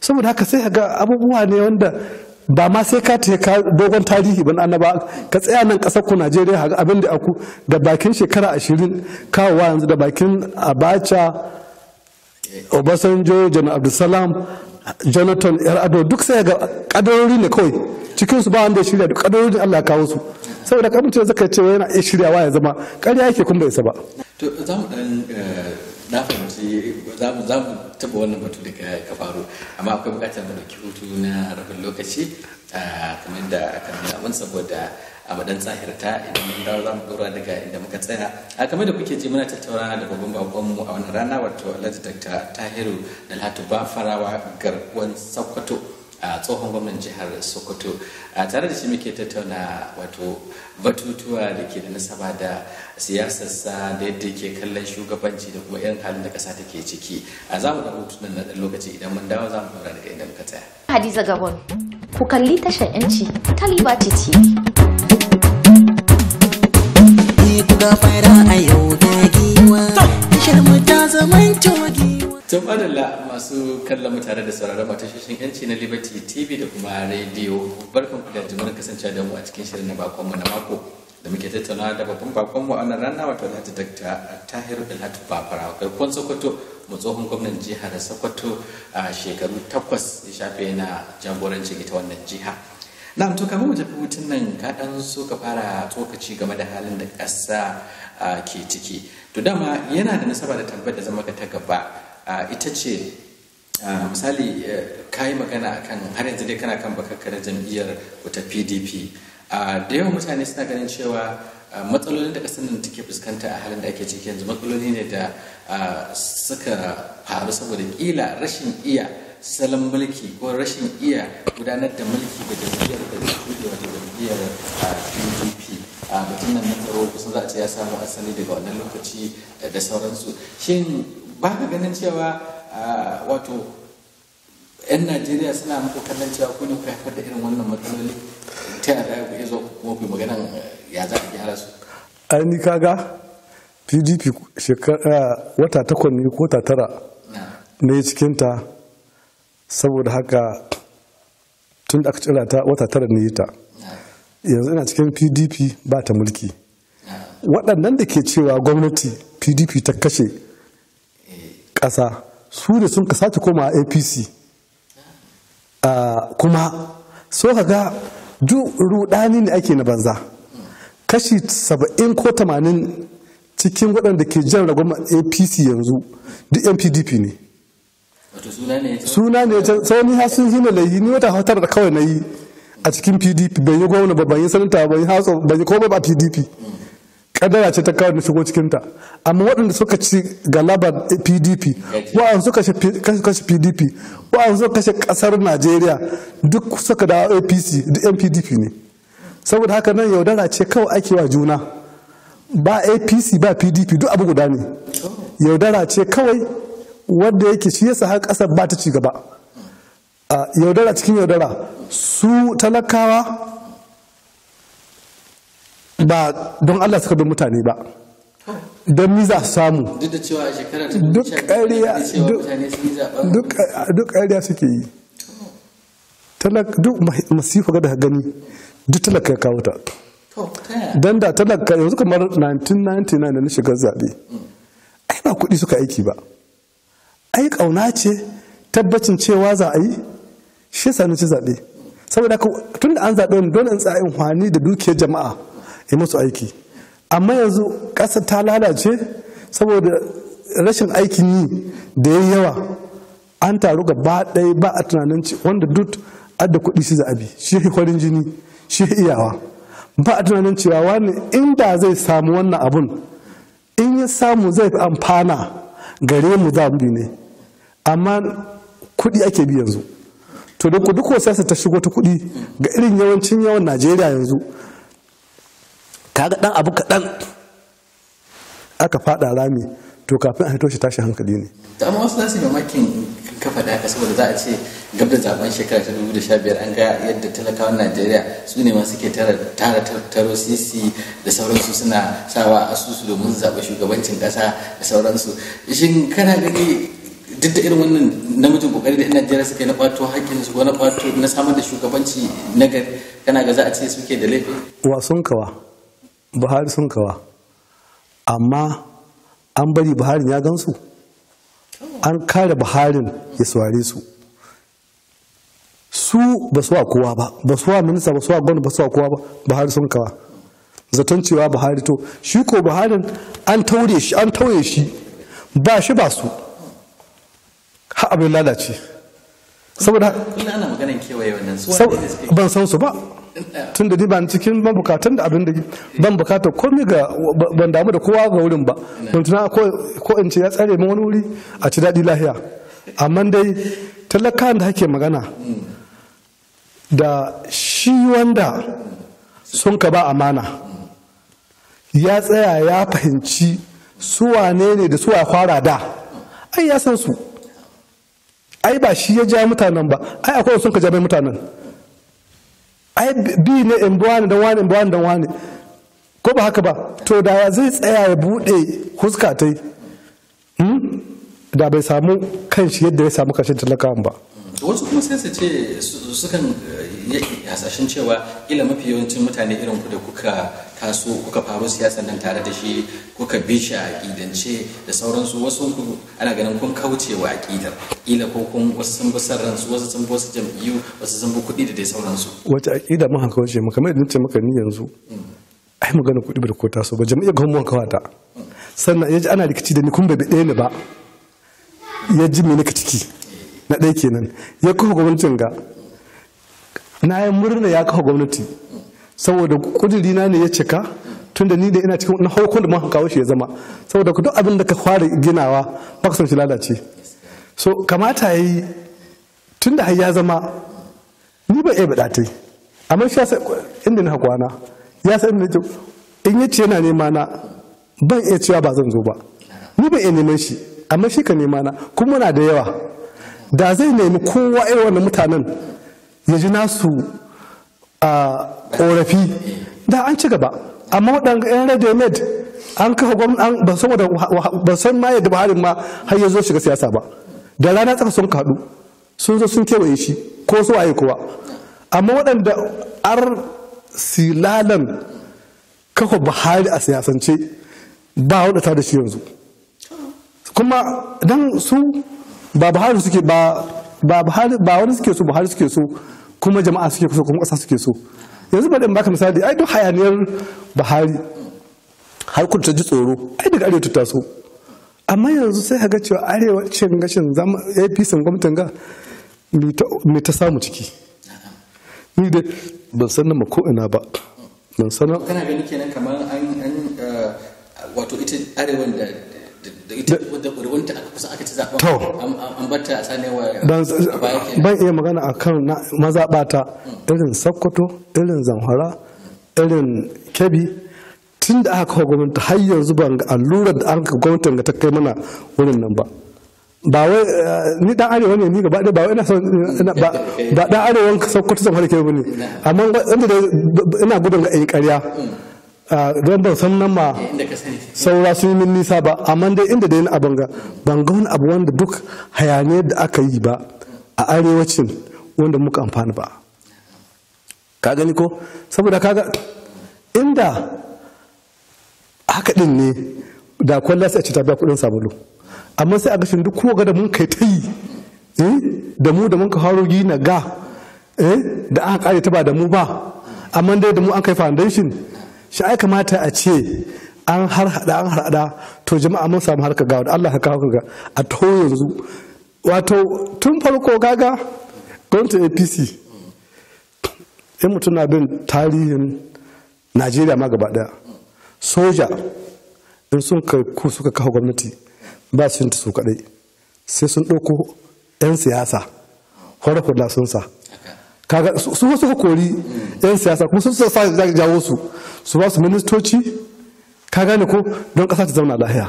saboda haka sai ga abubuwa ne wanda ba ma sai ka ta dogon tarihi ban ba, ka tsaya nan kasar ku Najeriya abin da aku da bakin shekara ashirin kawowa yanzu da bakin Abacha Obasanjo Jan Abdulsalam Jonathan ado, duk sai ga kadarori ne kawai cikin su ba wanda ya shirya duk kadarori da Allah kawo su saboda kamar ce zaka ce yana iya shiryawa ya zama ƙarya yake kuma bai isa ba na fahimci za mu taɓa wannan batu da ka faru amma akwai bukatar mu dauki hutu na rabin lokaci kamar da aka nuna mun saboda a madan tsahirta idan mun dawo za mu dora daga inda muka tsaya a kamar da kuke ji muna tattauna da babban mu a wannan rana wato alhaji dr tahiru da ba farawa garkuwan sokoto a tsohon gwamnan jihar sokoto a tare da shi muke tattauna wato batutuwa da ke da nasaba da siyasarsa da yadda ke kallon shugabanci da kuma yan halin da kasa take ciki a za mu ɗan na dan lokaci idan mun dawo za mu ɗora daga inda muka tsaya. hadiza gabon ku kalli tashar yanci ta liba ce Tun madalla masu kallon mu tare da sauraron matashoshin yanci na liberty tv da kuma rediyo barkan ku da kasance da mu a cikin shirin na bakon na mako da muke tattauna da babban bakon mu a nan rana wato lati dakta tahiru dalhatu babara karkon sokoto mu tsohon gwamnan jihar sokoto a shekaru takwas ya shafe na jagorancin ita wannan jiha na'am to kama mu tafi hutun nan ka dan so ka fara tsokaci game da halin da ƙasa ke ciki to dama yana da nasaba da tambayar da zama ka ta gaba ita ce misali e, ka yi magana kan har yanzu dai kana kan bakakkarar jam'iyyar wata pdp da yawan mutane suna ganin cewa matsalolin da kasar nan take fuskanta a halin da ake ciki yanzu matsaloli ne da suka faru saboda kila rashin iya salon mulki ko rashin iya gudanar da mulki da jam'iyyar da ke wata jam'iyyar pdp a batun nan na tsaro kusan za a ce ya samu asali daga wannan lokaci e, da sauransu shin ba ka ganin cewa wato 'yan najeriya suna muku kallon cewa ku ne ku haifar da irin wannan matsaloli ta yada ku iya zo kuma ku magana ya za a gyara su ai ni kaga pdp wata takwas ne ko ta tara na yi cikinta saboda haka tun da aka cira ta wata tara ne ta yanzu ina cikin pdp ba ta mulki waɗannan da ke cewa gwamnati pdp ta kashe ƙasa su ne sun ta koma apc ah, kuma so ka ga duk rudani ne ake na banza kashi saba'in ko tamanin cikin waɗanda ke jan ragwamma apc yanzu duk mpdp ne suna ne can tsawon ha sun yi malayi ni wata hatar da kawai na yi a cikin pdp ban yi gwamna ba ban yi sanata ban yi haso ban yi komai ba pdp kadara ce ta kawo da shigo cikin ta amma waɗanda suka ci galaba pdp waɗanda suka kashe pdp waɗanda suka kashe ƙasar najeriya duk suka da apc duk yan pdp ne saboda haka nan yaudara ce kawai ake wa juna ba apc ba pdp duk abu guda ne yaudara ce kawai wadda yake shi yasa har ƙasar ba ta ci gaba yaudara cikin yaudara su talakawa ba don Allah suka bi mutane ba don mi za su samu duk kariya duk ƙariya suke yi duk masifu ga da gani duk talaka ya kawo ta don da talaka yanzu kamar 1999 da na shiga zaɓe ai ba kuɗi suka aiki ba ai ƙauna ce tabbacin cewa za a yi shi sanu ci zaɓe saboda tun da an zaɓe wani dole in tsayin hwani da dukiyar jama'a yi musu aiki amma yanzu ƙasa ta lalace saboda rashin aikin yi da ya yawa an taru gaba ɗaya ba a tunanin wanda duk adda kuɗi shi za'abi shi kwarin jini shi iyawa ba a tunanin cewa wani inda zai samu wannan abun in ya samu zai fi amfana gare mu za mu ne amma kuɗi ake bi yanzu to da duk sai ta shigo ta kuɗi ga irin yawancin yawan najeriya yanzu kaga dan abu kaɗan aka fada rami to kafin a hito shi tashi hankali ne amma wasu nasu mamakin ka faɗa haka saboda za a ce gab da zaben shekara ta 2015 an ga yadda talakawan najeriya su ne masu ke tara tara taro sisi da sauransu suna sawa asusu domin zaɓa shugabancin ƙasa da sauransu shin kana gani duk da irin wannan namijin kokari da najeriya suke na kwato hakkin su ko na kwato na samar da shugabanci na gari kana ga za a ce suke da laifi sun kawa buhari sun kawa amma an bari buharin ya gansu an kare buharin ya sware su su ba su wa kowa ba ba su wa minista ba su wa gwamna ba su wa kowa ba buhari sun kawa zaton cewa buhari to shi ko buharin an taure shi an tauye shi ba shi ba su ha abin lalace saboda ban san su ba tun da ban cikin ban bukatan da abin da ban bukatar komai ga ban damu da kowa ga wurin ba don tuna ko in ce ya tsare min wani wuri a ci daɗi lahiya amma dai talakan da hake magana da shi wanda sun ka ba amana ya tsaya ya fahimci suwa ne ne da suwa fara da ai ya san su ai ba shi ya ja mutanen ba ai akwai sun ka ja mutanen ai bi ne in buwa ne dan wani buwa ne dan wani ko ba haka ba to da ya zai tsaya ya bude huska ta hmm? da bai samu kanshi yadda ya samu kashin talakawan ba wasu kuma sai su ce sukan eh, hasashen cewa ila mafi yawancin mutane irin ku da kuka taso kuka faru siyasan nan tare da shi kuka bi shi a ƙidance da sauransu wasu ana ganin kun kauce wa ƙidar ila ko kun wasu sun bi san ransu wasu sun bi wasu jam'iyyu wasu sun bi kuɗi da dai sauransu wata aƙida mun haka wace mu kamar yadda nace maka ni yanzu hmm. ai magana kuɗi bai ko taso ba jam'iyyar gwamnatin kawata sannan ya ji ana rikici da ni kun bai ɗaya ni ba ya ji me nake ciki na ɗaya kenan ya kafa gwamnatin ga na yi murna ya kafa gwamnati saboda ƙudurina ne ya cika tunda ni da ina cikin na farkon da mahaukawa shi ya zama saboda ku duk abin da ka fara ginawa ba ka shi lalace so kamata ya yi tunda har ya zama ni ba iya bada amma shi yasa inda na kwana ya san inda ke in ce yana nema na ban iya cewa ba zan zo ba ni ba iya neman shi amma shi ka nema na kuma na da yawa da zai nemi kowa irin wannan mutanen ya ji nasu a korafi da an ci gaba amma waɗanda 'yan radio med an kafa gwamnati ba saboda ba san ma yadda buhari ma har ya zo shiga siyasa ba da rana tsaka sun kaɗu sun zo sun kewaye shi ko su waye kowa amma waɗanda ar silalan kafa buhari a siyasance ba wadata da shi yanzu kuma dan su ba buhari suke ba ba buhari ba wani suke so buhari suke so kuma jama'a suke so kuma ƙasa suke so yanzu bari in baka misali ai duk hayaniyar Buhari har kun ta ji tsoro ai daga arewa ta taso amma yanzu sai ga cewa arewa cin gashin zama APC gwamnatin ga me ta samu ciki ni dai ban san nama ko ina ba ban san kana ganin kenan kamar an eh, wato ita arewan da ban iya magana a kan mazaɓata hmm. irin sokoto irin zamfara irin kebi tun da aka kawo gwamnati har yanzu ban ga allurar da aka gwamnatin ga ta kai mana wurin nan ba ba wai eh, ni dan arewa ne ni gaba ba wai ina son ba dan arewa sokoto zamfara kebi ne amma inda ina gudun ga ƴan ƙarya hmm. Ah, don ban san nan ma saura sun yi min nisa ba amma dai inda dai na ga ban ga wani abu wanda duk hayaniyar da aka yi ba a arewacin wanda muka amfani ba ka gani ko saboda kaga inda haka din ne da kwalla sai a ci ta biya kudin sabulu amma sai a gashin duk kowa da mun kai ta yi eh da mu da mun ka faro gina ga eh da aka kare ta ba da mu ba amma dai da mu an kai foundation shi ai kamata a ce an har hada an har hada to jama'a mun samu harka ga wanda Allah ka kawo ga a to yanzu wato tun farko gaga gwamnatin APC in mutum na bin tarihin Najeriya ma gaba daya soja in sun ku suka kawo gwamnati ba su yin su kadai sai sun ɗauko 'yan siyasa horar sun sa kaga su wasu ka kori yan siyasa kuma sun sa jawo su su ba su ministoci ka gane ko don kasa ta zauna lahiya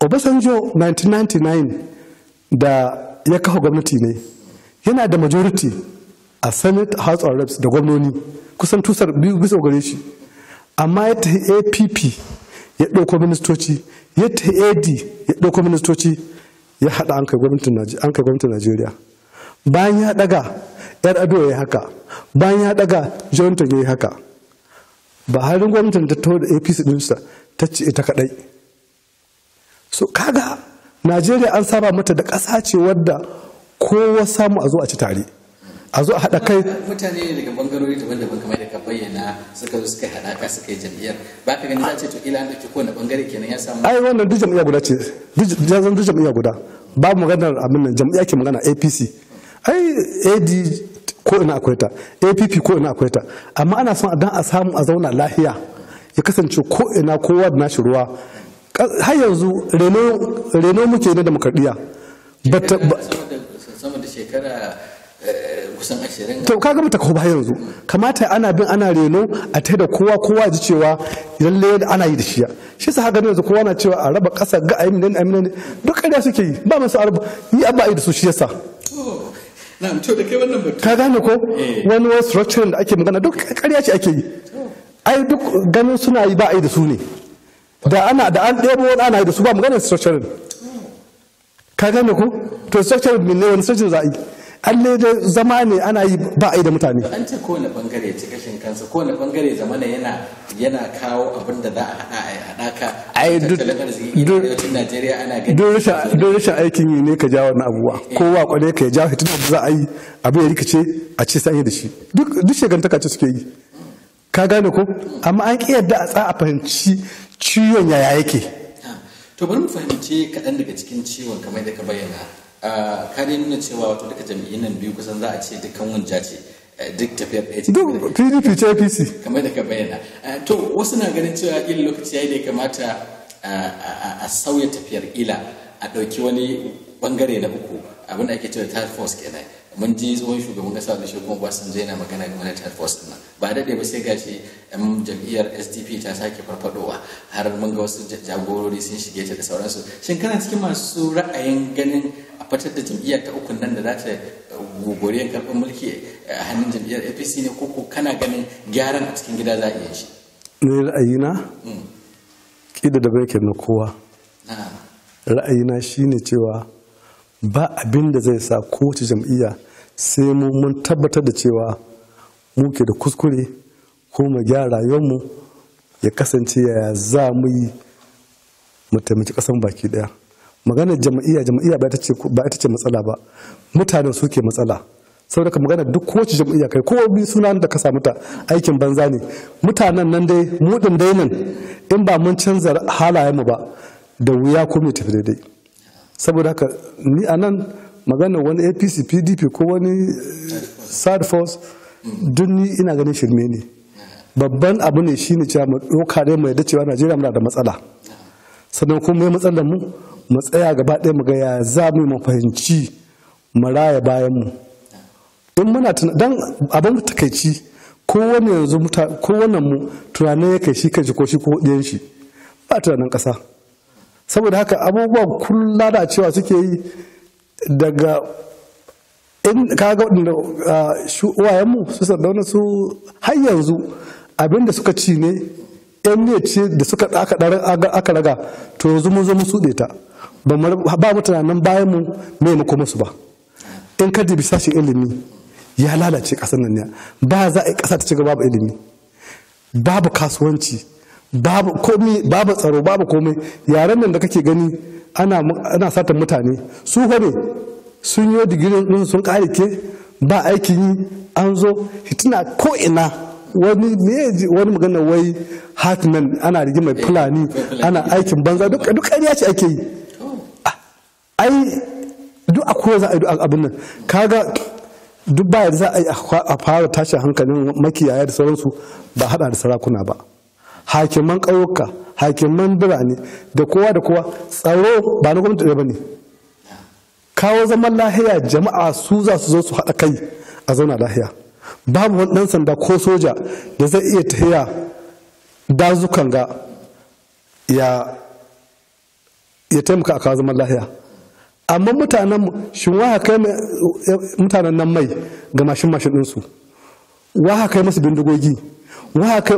obasanjo 1999 da ya kafa gwamnati ne yana da majority a senate house of reps da gwamnoni kusan tusar biyu bisa gare shi amma ya tafi app ya ɗauko ministoci ya ad ya ɗauko ministoci ya haɗa an kai gwamnatin najeriya bayan ya ɗaga yar ado ya yi haka bayan ya daga jonta ya yi haka ba harin gwamnatin ta da apc dinsa ta ce ita kadai so kaga najeriya an saba mata da ƙasa ce wadda kowa samu a zo a ci tare a zo a haɗa kai mutane ne daga bangarori daban-daban kamar da ka bayyana suka zo suka ka suka yi jam'iyyar ba ka gani za ce to ila an ɗauki kowane bangare kenan ya samu ai wannan duk jam'iyya guda ce duk jam'iyya guda ba maganar abin nan jam'iyya ke magana apc ai ad ko ina akwai ta app ko ina akwai ta amma ana son dan a samu a zauna lahiya ya kasance ko ina kowa da nashi ruwa har yanzu reno muke na demokradiyya sama da shekara kusan ashirin to kaga mata ba yanzu kamata ana bin ana reno a ta da kowa kowa ji cewa lalle ana yi da shi shi sa haka yanzu kowa na cewa a raba kasa ga ayi ne ayi ne duk ƙarya suke yi ba masu arba yi abba yi da su shi yasa ka gane ko eh. wani wani structuring da ake magana duk karya ce ake yi ai duk ganin suna yi ba a yi da su ne da ana da an ɗebo wani ana yi da su ba maganar structuring ka gane ko to structuring ne wani structuring za a yi alle da zama ne ana yi ba a yi da mutane an ce kowane bangare ci kashin kansa kowane bangare zamana yana yana kawo abin da za a hada a haɗaka. hadaka tattalin Najeriya ana gani don rashin aikin yi ne ka ja wannan abubuwa eh. kowa kwane ka ja fitina da za a yi abu ya rikice a ce sanye da shi duk duk shegantaka ce suke yi ka gane ko amma an ki yadda a tsa a fahimci ciwon yaya yake ah, to bari mu fahimci kaɗan daga cikin ciwon kamar da ka bayyana kare nuna cewa wato duka jami'in nan biyu kusan za a ce dukkan wunja eh, ce duk tafiyar ɗaya ce duk pdp ce pc kamar da ka bayyana to wasu na ganin cewa ƙila lokaci ya da kamata a sauya tafiyar ƙila a ɗauki wani bangare na uku abin da ake cewa task force kenan mun ji tsohon shugaban kasa da shugaban zai na magana game da task force ba daɗe ba sai gashi yan jam'iyyar SDP ta sake farfadowa har mun ga wasu jagorori sun shige ta da sauransu shin kana cikin masu ra'ayin ganin fitar da jam'iyyar ta uku nan da za ta uh, gogore karfin mulki uh, a hannun jam'iyyar apc ne ko kana ganin gyaran a cikin gida za a iya shi ne ra'ayina hmm. ƙida da bai na kowa ra'ayina shine cewa ba abin da zai sa kowace jam'iyya sai mu mun tabbatar da cewa mu ke da kuskure ko mu gyara mu ya kasance yaya za mu yi mu taimaki ƙasan baki ɗaya maganar jam'iyya jam'iyya ba ita ce matsala ba mutanen suke matsala saboda ka magana duk kowace jam'iyya kai ko bi sunan da ka samu ta aikin banza ne mutanen nan dai mu din dai nan in ba mun canza halayen mu ba da wuya ko mai tafi daidai saboda haka ni a nan magana wani APC PDP ko wani sad eh, force duk ni ina ganin shirme ne babban abu ne shine cewa mu doka dai mai dacewa Najeriya muna da matsala sannan kuma mai matsalar mu mu tsaya gaba ɗaya mu ga ya za mu mu fahimci mu raya bayan mu in muna dan abin takaici kowane yanzu kowane mu tunanin ya kai shi ka shi ko shi ko ɗiyan shi ba tunanin ƙasa saboda haka abubuwa kullum da cewa suke yi daga in kaga waɗanda mu su su har yanzu abin da suka ci ne yan ne ce da suka aka raga to yanzu mun zo mu suɗe ta ba mu tunanin bayan mu mai mako musu ba in ka dubi sashen ilimi ya lalace kasar nan ba za a yi kasa ta ci babu ilimi babu kasuwanci babu komai babu tsaro babu komai yaren nan da kake gani ana ana satan mutane su fa ne sun yi digirin din sun kare ba aikin yi an zo hitina ko ina wani me wani magana wai hatman ana rigimar fulani ana aikin banza duk duk ce ake yi ai duk a kowa za a yi duk abin nan kaga duk ba da za a yi a fara tashin hankalin makiyaya da sauransu ba hada da sarakuna ba hakiman ƙauyuka hakiman birane da kowa da kowa tsaro ba na gwamnati ɗaya ba ne kawo zaman lahiya jama'a su za su zo su haɗa kai a zauna lahiya babu wani ɗan sanda ko soja da zai iya tafiya dazukan ga ya taimaka a kawo zaman lahiya amma mutanen shin waha kai mutanen nan mai ga mashin mashin ɗinsu waha kai masu bindigogi waha kai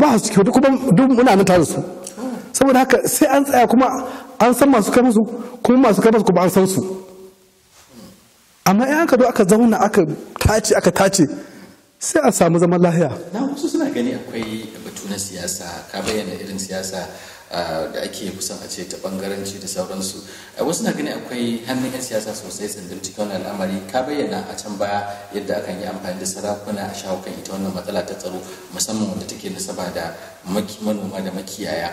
ba su kyautu kuma duk muna nan tare su saboda haka sai an tsaya kuma an san masu kai musu kuma masu kai musu kuma an san su amma in aka zo aka zauna aka tace aka tace sai a samu zaman lahiya na wasu suna gani akwai batu na siyasa ka bayyana irin siyasa da ake kusan a ce ta bangaranci da sauransu a wasu na gani akwai hannun 'yan siyasa sosai tsindin cikin wannan al'amari ka bayyana a can baya yadda akan yi amfani da sarakuna a shawo kan ita wannan matsala ta tsaro musamman wanda take nasaba da manoma da makiyaya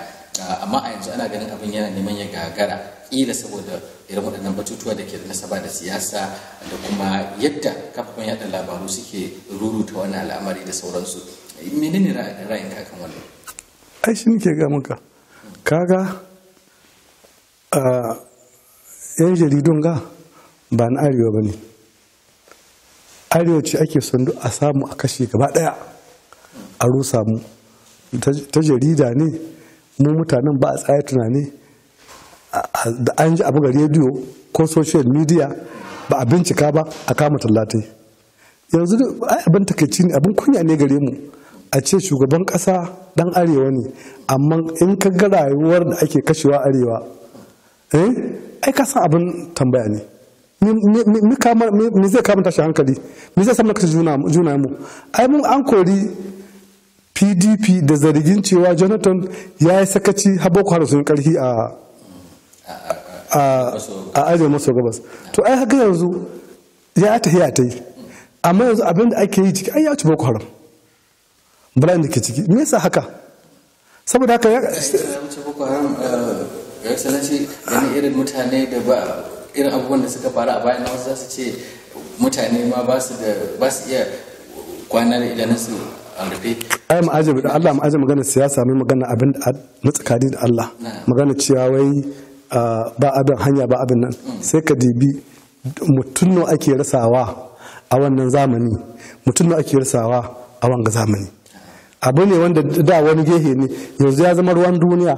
amma a yanzu ana ganin abin yana neman ya gagara kila saboda irin waɗannan batutuwa da ke da nasaba da siyasa da kuma yadda kafafen yaɗa labaru suke ruruta wannan al'amari da sauransu menene ra'ayinka kakan wannan ai shi nake ga muka kaga a yan jaridun ga ba na arewa ba ne arewa ce ake son a samu a kashe gaba daya a rusa mu ta jarida ne mu mutanen ba a tsaya tunani da an ji abu ga rediyo ko social media ba a bincika ba a kama tallatai yanzu abin takaici ne abin kunya ne gare mu a ce shugaban ƙasa ɗan arewa ne amma in ka ga rayuwar da ake kashewa arewa eh ai ka san abin tambaya ne mi zai kama tashi hankali mi zai samu kashe juna mu ai mun an kori pdp da zargin cewa jonathan ya yi sakaci haboko har sun karfi a a arewa maso gabas to ai haka yanzu ya ta yi amma yanzu abin da ake yi ciki ai ya ci boko haram bala'in da ke ciki me yasa haka saboda haka ya eh, excellency yani irin mutane da ba irin abubuwan da suka faru a baya na wasu za su ce mutane ma ba su iya kwana da idanunsu a rufe ai ma'ajabi da Allah ma'ajabi magana siyasa mai magana abin da na tsakani da Allah magana cewa wai ah, ba abin hanya ba abin nan mm. sai ka dibi mutum ake rasawa a wannan zamani mutum ake rasawa a wanga zamani abu ne wanda da wani gehe ne yanzu ya zama ruwan duniya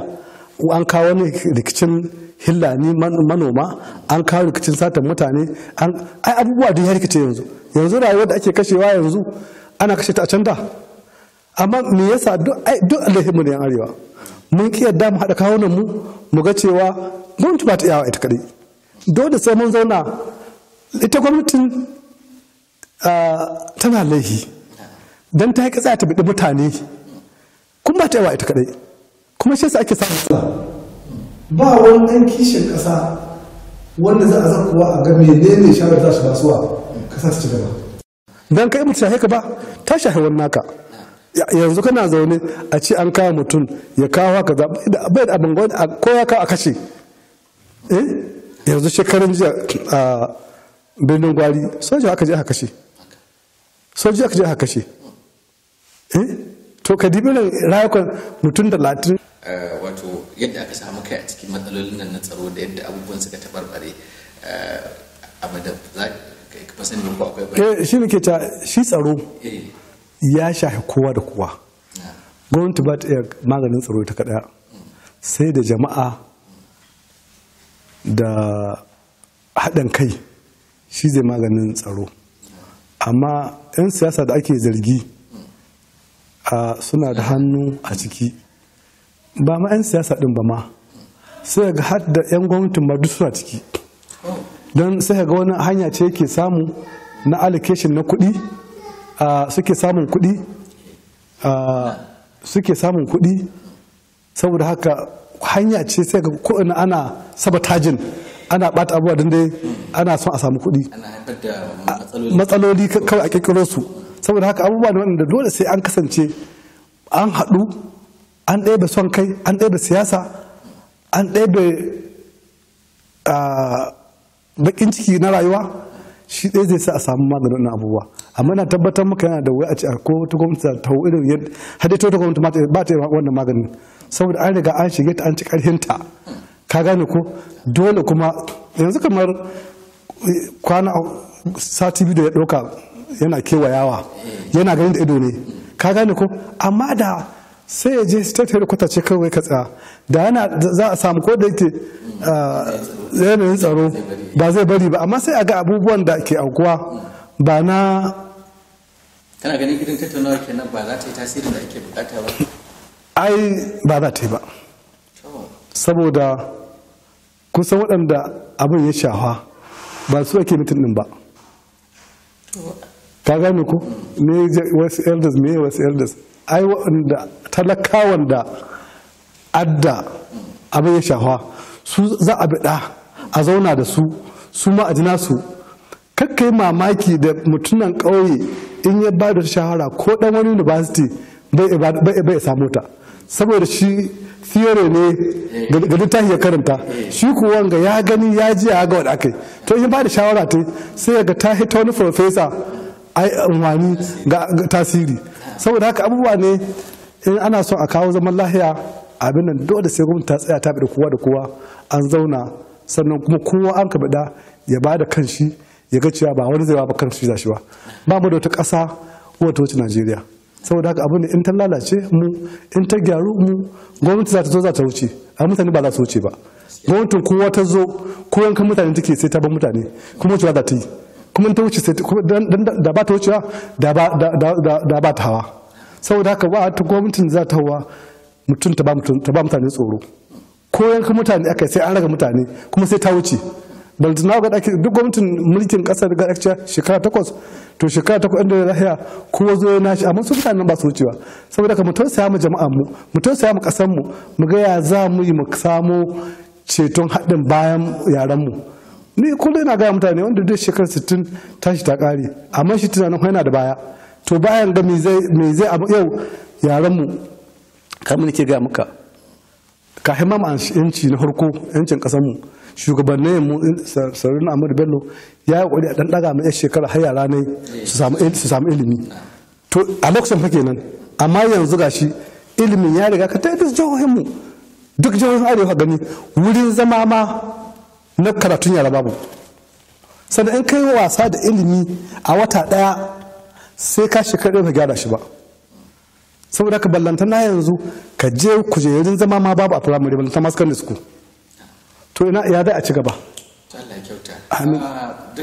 an kawo ne rikicin hillani manoma an kawo rikicin satan mutane ai abubuwa duk ya rikice yanzu yanzu rayuwar da ake kashewa yanzu ana kashe ta a can da amma me yasa duk alhimu ne yan arewa mun ki yadda mu haɗa kawunan mu mu ga cewa mun ba ta yawa ita kadai dole sai mun zauna ita gwamnatin ah, tana laifi. Don ta yi ƙasa ta biɗi mutane kuma ba ta yawa ita kaɗai kuma shi yasa ake samun matsala ba wani ɗan kishin ƙasa wanda za a kuwa a ga menene shawar za su suwa ƙasa su ci gaba dan kai mutu shahe ka ba ta shahi wani naka yanzu kana zaune a ce an kawo mutum ya kawo haka bai da abin ko ya kawo a kashe eh? yanzu shekarun jiya a birnin gwari soja aka je aka kashe aka je aka kashe Hmm? to ka dibi rayukan mutum latin eh, wato yadda aka samu kai a cikin matsalolin nan na tsaro da yadda abubuwan suka tabarbare eh, a madab za ka sani ko akwai ba? Eh, shi ne ke ta shi tsaro ya shafi kowa da kowa ah. gwamnati ba ta iya maganin tsaro ta kaɗaya, sai da jama'a da haɗin kai shi zai maganin tsaro amma 'yan siyasa da ake zargi suna da hannu a ciki ba ma 'yan siyasa ɗin ba ma sai ga har da 'yan gwamnatin ma duk suna ciki don sai ga wani hanya ce ke samu na allocation na kuɗi suke samun kuɗi suke samun kuɗi saboda haka hanya ce sai ga ko'ina ana sabatajin ana ɓata abubuwa don dai ana son a samu kuɗi matsaloli kawai a ƙirƙiro su saboda haka abubuwa da wanda dole sai an kasance an haɗu an ɗebe son kai an ɗebe siyasa an ɗebe baƙin ciki na rayuwa shi ɗaya zai sa a samu maganin abubuwa amma na tabbatar maka yana da wuya a ce ko ta gwamnati ta hau irin yadda hadai ta gwamnati ba ta yi wannan maganin saboda an riga an shige ta an ci ta, ka gane ko dole kuma yanzu kamar eh, kwana sati biyu da ya ɗauka yana kewayawa yana ganin da ido ne ka gane ko amma da sai ya je state headquarter ce kawai ka tsaya da yana za a samu ko da yake eh, yanayin tsaro ba zai bari ba amma sai a ga abubuwan da ke aukuwa ba na kana ganin irin tattaunawa kenan ba za ta yi tasirin da ake bukata ba ai ba za ta yi ba saboda kusan waɗanda abin ya shafa ba su ake mutum ba ka gane ku me wasu elders me wasu elders ai wanda talakawan da adda abin ya shafa su za a bida a zauna da su su ma a jina su kakkai mamaki da mutunan kauye in ya ba da shahara ko dan wani university bai samu ta saboda shi theory ne ga littafi ya karanta shi kuwa ga ya gani ya ji ya ga wadda akai to in ba da shawara ta sai ga ta hita wani farfesa umarni ga tasiri saboda haka abubuwa ne in ana son a kawo zaman lahiya abin nan dole sai gwamnati ta tsaya ta bi da kowa da kowa an zauna sannan kuma kowa an ka bada ya ba da kanshi ya ga cewa ba wani zai ba kan shi shi ba ba mu da wata ƙasa wata wacce Najeriya saboda haka abin in ta lalace mu in ta gyaru mu gwamnati za ta zo za ta wuce a mutane ba za su wuce ba gwamnatin kowa ta zo ko yankan mutane take sai ta ban mutane kuma wucewa za ta yi kuma ta wuce sai da ba ta wucewa da ba ta hawa saboda haka ba ta gwamnatin za ta hawa mutum ta ba mutane tsoro ko yanka mutane aka sai an raga mutane kuma sai ta wuce balantana ga ɗaki duk gwamnatin mulkin ƙasar ga ɗaki shekara takwas to shekara takwas inda da lahiya kowa zo ya nashi amma su mutane ba su wucewa saboda ka mu tausaya mu jama'an mu mu tausaya mu kasar mu mu ga ya za mu yi mu samo ceton haɗin bayan yaran mu ni kullum na gaya mutane wanda duk shekarar sittin tashi ta kare amma shi tunanin yana da baya to bayan ga me zai abu yau yaran mu mun ke gaya muka kafin ma yanci na farko yancin kasar mu shugabannin mu sarrin Ahmadu Bello ya yi kwari a dan daga mai shekara har yara ne su samu ilimi to a lokacin fa kenan amma yanzu gashi ilimin ya riga ka tafi jihohin mu duk jihohin arewa gani wurin zama ma na karatun yara babu sannan in kai wasa da ilimi a wata ɗaya sai ka shekara ka gyara shi ba saboda ka ballanta na yanzu ka je kujerun zama ma babu a firamare ballanta ma school to ina ya da a ci gaba Allah kyauta. Amin. Ah,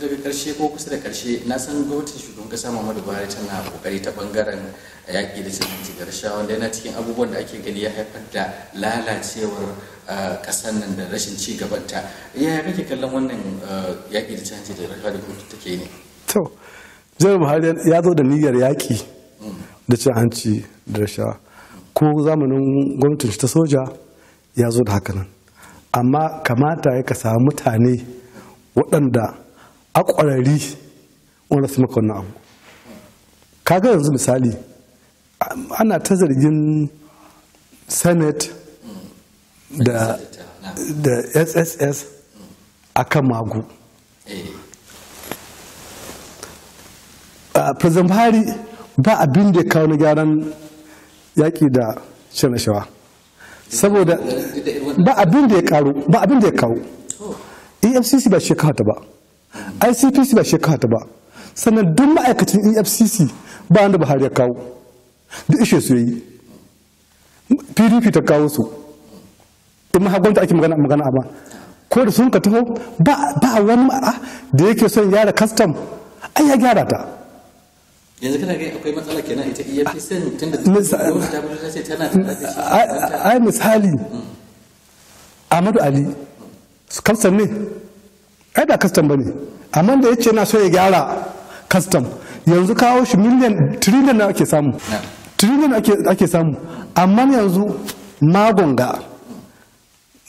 daga ƙarshe ko kusa da ƙarshe na san gwamnatin shugaban ƙasa Muhammadu Buhari tana kokari ta bangaren yaƙi da cin hanci garsha wanda yana cikin abubuwan da ake gani ya haifar da lalacewar ah, ƙasar nan da rashin ci gabanta. Ya kake kallon wannan ah, yaƙi da cin hanci da garsha da gwamnati take ne? To, Jami'ar Buhari ya zo da niyyar yaƙi mm. da cin hanci da rashawa. Ko zamanin gwamnatin ta soja ya zo da haka nan. amma kamata ya ka samu mutane waɗanda a ƙwararri wanda su maka wannan abu kaga yanzu misali ana ta zargin senate da da sss a kan magu a president buhari ba abin da ya kawo na gyaran yaƙi da shan shawa saboda ba abin da ya karu ba abin da ya kawo. efcc ba shi ta ba icpc ba shi ta ba sannan duk ma'aikacin efcc ba wanda buhari ya kawo duk ishe su yi pdp ta kawo su in ma gwamnati ake magana magana ba ko da sun ka taho ba wani ah, da yake son yara kastam ai ya gyara ta yanzu kana ga akwai matsala kenan ita efcc tunda ta ce tana ai misali mm. Ahmadu Ali kastam ne ai ba kastam ba ne amma da ya ce na so ya gyara kastam yanzu kawo shi miliyan trillion na ake samu trillion ake samu amma yanzu magonga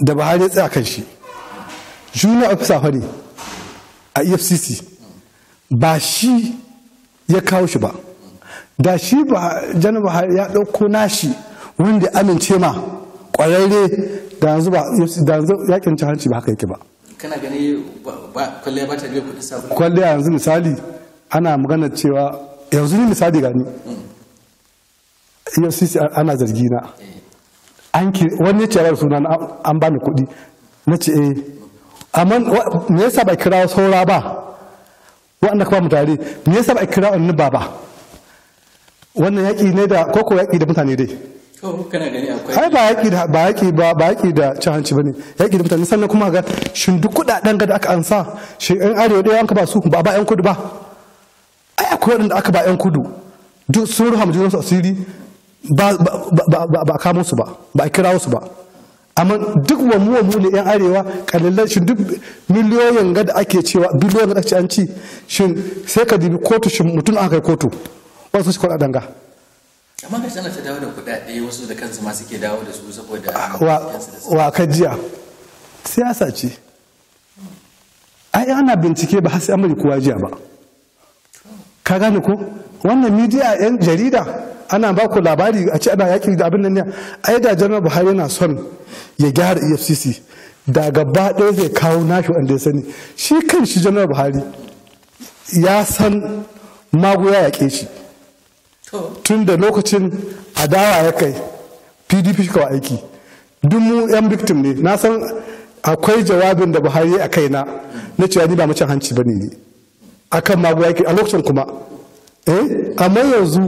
da buhari ya tsaya kan shi junior officer fa ne a efcc ba shi ya kawo shi ba da shi ba janar ya ɗauko nashi wanda amince ma kwararre da yanzu ba yakin cin hanci ba haka yake ba kana gani kwalliya ba ta biya kudi sabu kwalliya yanzu misali ana magana cewa yanzu ni misali gani sisi mm. e ana zargi na eh. an ki wani ya ce yawar suna an bani kuɗi na ce eh amma me yasa ba kira saura ba wanda kuma mutare me yasa ba kira wani ba ba wannan yaƙi ne da koko yaƙi da mutane dai ai ba yaƙi da ba yaƙi ba ba yaƙi da cin hanci bane yaƙi da mutane sannan kuma ga shin duk kuɗaɗen ga da aka ansa shi ɗan arewa ɗaya an ka ba su ba ba ƴan kudu ba ai akwai waɗanda aka ba ƴan kudu duk sun ruha mutum su asiri ba ba a kamo su ba ba a kirawo su ba amma duk wa mu wa mu ne ƴan arewa kalilan shin duk miliyoyin ga da ake cewa biliyoyin ga da ake an ci shin sai ka dibi kotu shin mutum aka kai kotu wasu shi kuɗaɗen ga amma ga tana ta dawo da kudade wasu da kansu ma suke dawo da su saboda ah, wa jiya? siyasa ce ai ana bincike ba har sai amuri jiya ba ka gane ko wannan midiya yan jarida ana ba ku labari a ce ana yaƙi da abin nan ne ai da janar buhari yana son ya gyara efcc da gaba ɗaya zai kawo nashi wanda ya sani shi kan shi janar buhari ya san magoya yaƙe shi tun da lokacin adawa ya kai pdp kawai aiki duk mu yan victim ne na san akwai jawabin da buhari ya kai na na cewa ni ba macin hanci ba ne A akan magoya a lokacin kuma eh amma yanzu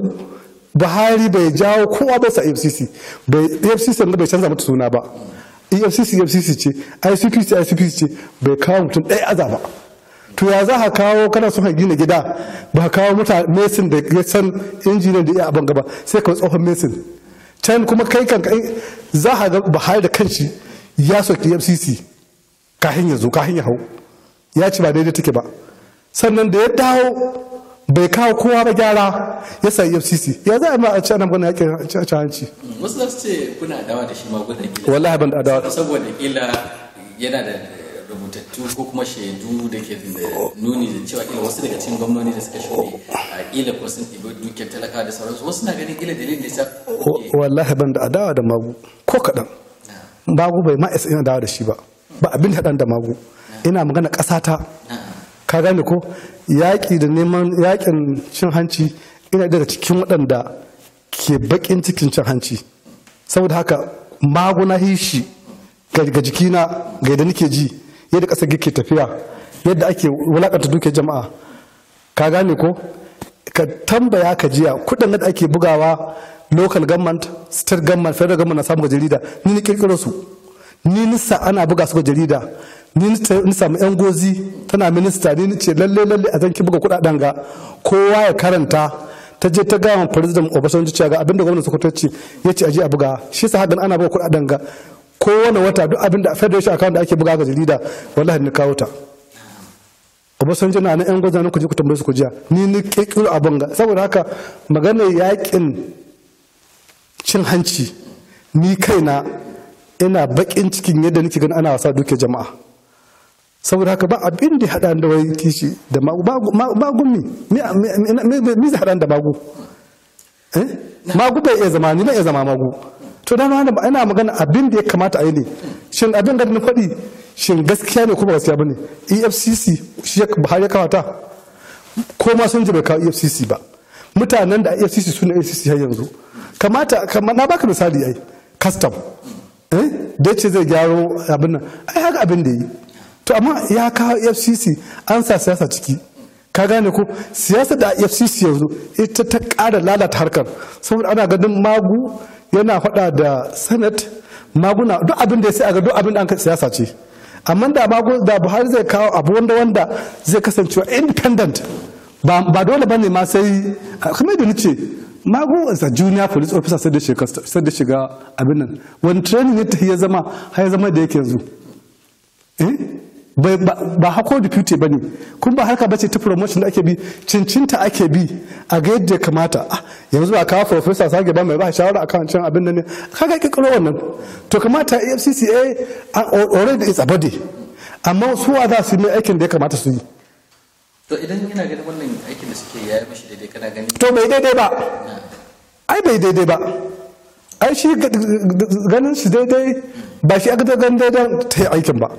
buhari bai jawo kowa ba sa efcc bai efcc ne bai canza mata suna ba efcc efcc ce icpc icpc ce bai kawo mutum ɗaya aza ba to ya za a kawo kana son gina gida ba ka kawo mutane mesin da ya san injiniyan da ya abin gaba sai ka tsohon mesin can kuma kai kai za a ga buhari da kanshi ya soki fcc kahin ya zo kahin ya hau ya ci ba daidai take ba sannan da ya dawo bai kawo kowa ba gyara ya sayi fcc ya za a ma a cana magana yakin cin hanci wasu za su ce kuna dawa da shi magudan gida wallahi ban da adawa saboda kila yana da rubutattu ko kuma shaidu da ke da nuni da cewa ila wasu daga cikin gwamnoni da suka shuɗe ila ko sun ɗibi dukiyar talaka da sauransu wasu na ganin ila dalilin da ya sa wallahi ban da adawa da magu ko kaɗan ah. magu bai ma isa ina dawa da shi ba ba abin haɗan da magu ah. ina magana ƙasata ah. ka gane ko yaƙi da neman yaƙin cin hanci ina daga cikin waɗanda ke baƙin cikin cin hanci saboda haka maguna hishi ga jikina ga yadda nake ji yadda ƙasar ke tafiya yadda ake wulakanta dukiyar jama'a ka gane ko ka tambaya ka jiya kudin da ake bugawa local government state government federal government na samu ga jarida ni ni kirkiro su ni nisa ana buga su ga jarida ni ni samu yan gozi tana minista ni ce lalle lalle a zanki buga kudaden ga kowa ya karanta ta je ta gawa president obasanjo cewa ga abinda gwamnati sokoto ce ya ce aje a buga shi sa hagan ana buga kudaden ga kowane wata duk abin da federation account da ake buga ga jarida wallahi ni kawo ta kuma sun jina na yan gwaza ku je ku tambaye su ku jiya ni ni kekiro abin ga saboda haka maganar yakin cin hanci ni kaina ina bakin cikin yadda nake gani ana wasa duke jama'a saboda haka ba abin da hada da wai kishi da magu, magu mi zai hada da magu eh? magu bai iya zama ni bai iya zama magu to da na ana magana abin da ya kamata a yi ne shin abin da na faɗi shin gaskiya ne ko ba gaskiya bane EFCC shi ba har ya kawata ko ma sun ji bai kawo EFCC ba mutanen da EFCC suna ne EFCC har yanzu kamata na baka misali ai custom eh da ce zai gyaro abin nan ai haka abin da yi to amma ya kawo EFCC an sa siyasa ciki ka gane ko siyasa da fcc yanzu ita ta kara lalata harkar saboda ana ganin magu yana faɗa da senate maguna duk abin da ya sai a ga duk abin da an siyasa ce amma da magu da buhari zai kawo abu wanda wanda zai kasancewa independent ba dole bane ma sai kamar da nace magu is a junior police officer sai da shiga sai da shiga abin nan wani training ya ta ya zama har ya zama da yake yanzu eh ba hako deputy ba ne kun ba harka bace ta promotion da ake bi cincinta ake bi a ga yadda ya kamata ah, yanzu ba kawo professor sage ba mai ba shawara akan cin abin nan ne kaga kikiro wannan to kamata AFCC a already is a body amma su wa za su yi aikin da ya kamata su yi to idan yana ganin wannan aikin da suke yayi mishi daidai kana gani to bai daidai ba ah. ai bai daidai ba ai shi ganin shi daidai ba shi aka ganin daidai ta yi aikin ba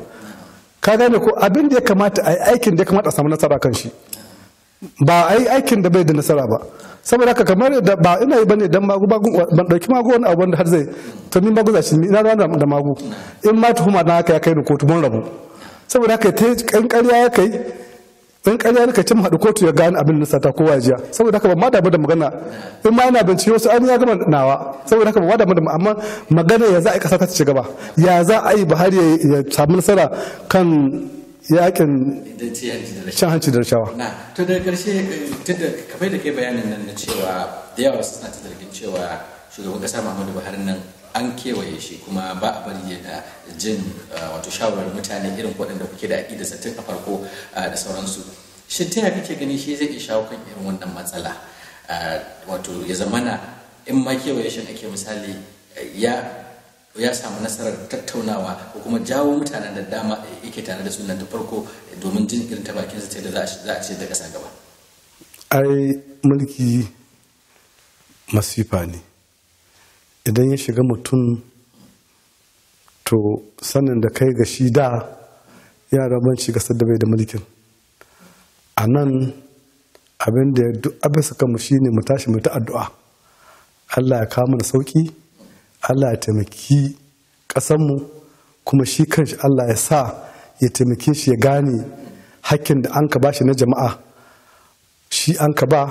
ka gane ko abin da ya kamata a yi aikin da ya kamata a samu nasara kan shi ba a yi aikin da bai da nasara ba saboda haka kamar da ba ina yi bane dan magu ban dauki magu wani abu wanda har zai to ni magu zashi ina da magu in ma tuhuma na haka ya kai ni kotu mun rabu saboda haka ta yi ya kai in ƙarya ne ka ce haɗu kotu ya gane abin da sata kowa jiya saboda haka ba ma damu da magana in ma yana bincike wasu an ya gama nawa saboda haka ba ma damu da amma magana ya za a yi ƙasa ta ci gaba ya za a yi Buhari ya samu nasara kan yakin cin hanci da rashawa. to da ƙarshe kafai eh, da kai bayanin nan na cewa da yawa suna ta zargin cewa shugaban ƙasa Muhammadu Buhari nan an kewaye shi kuma ba a bari da jin uh, wato shawarar mutane irin waɗanda kuke da aƙida satin a farko uh, da sauransu shi ta kake gani shi zai iya shawo kan irin wannan matsala uh, wato ya zamana in ma kewaye shi ake misali ya ya samu nasarar tattaunawa ko kuma jawo mutanen da dama yake tare da sunan ta farko domin jin irin ta bakin da za a ce da ƙasa gaba. ai mulki masifa ne idan ya shiga mutum to sanin da kai ga shi da ya rabon shiga da bai da mulkin a nan abin da duk abin su kanmu shi ne mu tashi mu ta addu'a allah ya kama da sauki. allah ya taimaki ƙasanmu kuma shi kanshi allah ya sa ya taimake shi ya gane hakkin da an ka ba shi na jama'a shi an ka ba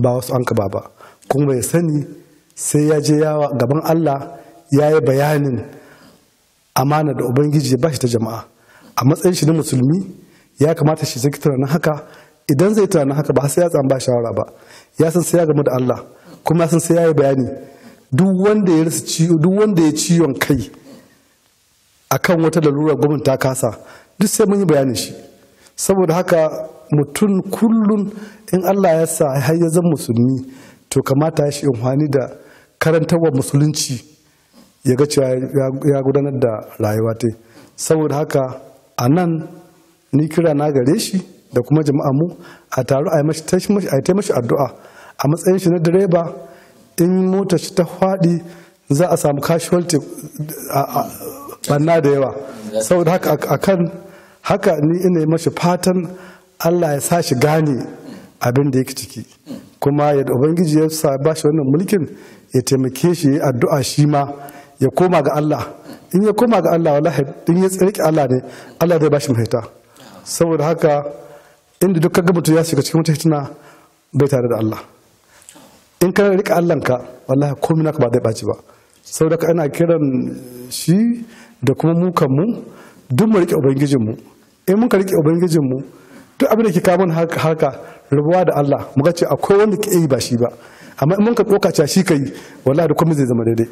ba wasu an ka ba ba kuma ya sani sai ya je yawa gaban Allah ya yi bayanin amana da ubangiji ba shi ta jama'a a matsayin shi na musulmi ya kamata shi zaki tunanin haka idan zai tunanin haka ba sai ya ba shawara ba ya san sai ya gamu da Allah kuma ya san sai ya yi bayani duk wanda ya rasa ciwo duk wanda ya ciwon kai akan wata lalura gwamnati ta kasa duk sai mun yi bayanin shi saboda haka mutum kullun in Allah ya sa har ya zama musulmi to kamata ya shi amfani da karantarwa musulunci ya ga cewa ya gudanar da rayuwa ta saboda haka a nan ni kira na gare shi da kuma jama'a mu a taru a yi mashi addu'a a matsayin shi na direba in motar shi ta faɗi za a samu casualty banna da yawa saboda haka a kan haka ni ina yi mashi fatan allah ya sa shi gane abinda da yake ciki kuma yadda ubangiji ya sa ba shi wannan mulkin ya taimake shi ya addu'a shi ma ya koma ga Allah in ya koma ga Allah wallahi in ya tsirki Allah ne Allah zai bashi mafita saboda haka inda duk kaga mutum ya shiga cikin wata fitina bai tare da Allah in kana rika Allahnka wallahi komai naka ba zai baci ba saboda ka ana kiran shi da kuma mu kan mu, duk mu rike mu, in muka rike mu, duk abin da ke kawo haka rabuwa da Allah mu ga ce akwai wanda ke yi ba shi ba amma in mun ka ɗauka ca shi kai wallahi da komai zai zama daidai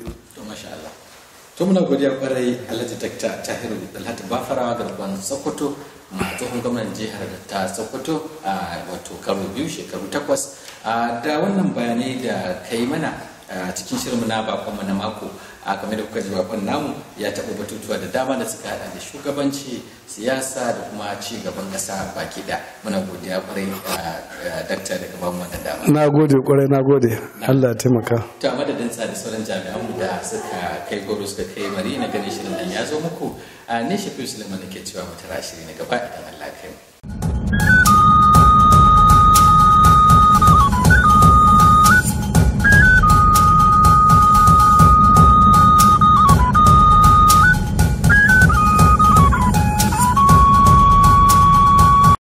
to muna godiya kwarai alhaji dakta tahiru alhaji bafara garban sokoto ma tsohon gwamnan jihar ta sokoto a wato karo biyu shekaru takwas da wannan bayanai da kai mana cikin shirin na bakonmu na mako a game da kuka ji bakon namu ya taɓa batutuwa da dama da suka hada da shugabanci siyasa da kuma ci gaban ƙasa baki da muna godiya kwarai dakta daga gaban wannan dama na gode kwarai na gode Allah ya taimaka ta madadin sa da sauran jami'an mu da suka kai goro suka kai mari na ganin shirin nan ya zo muku ne shafi suleiman ke cewa mutara shiri na gaba idan Allah ya kai mu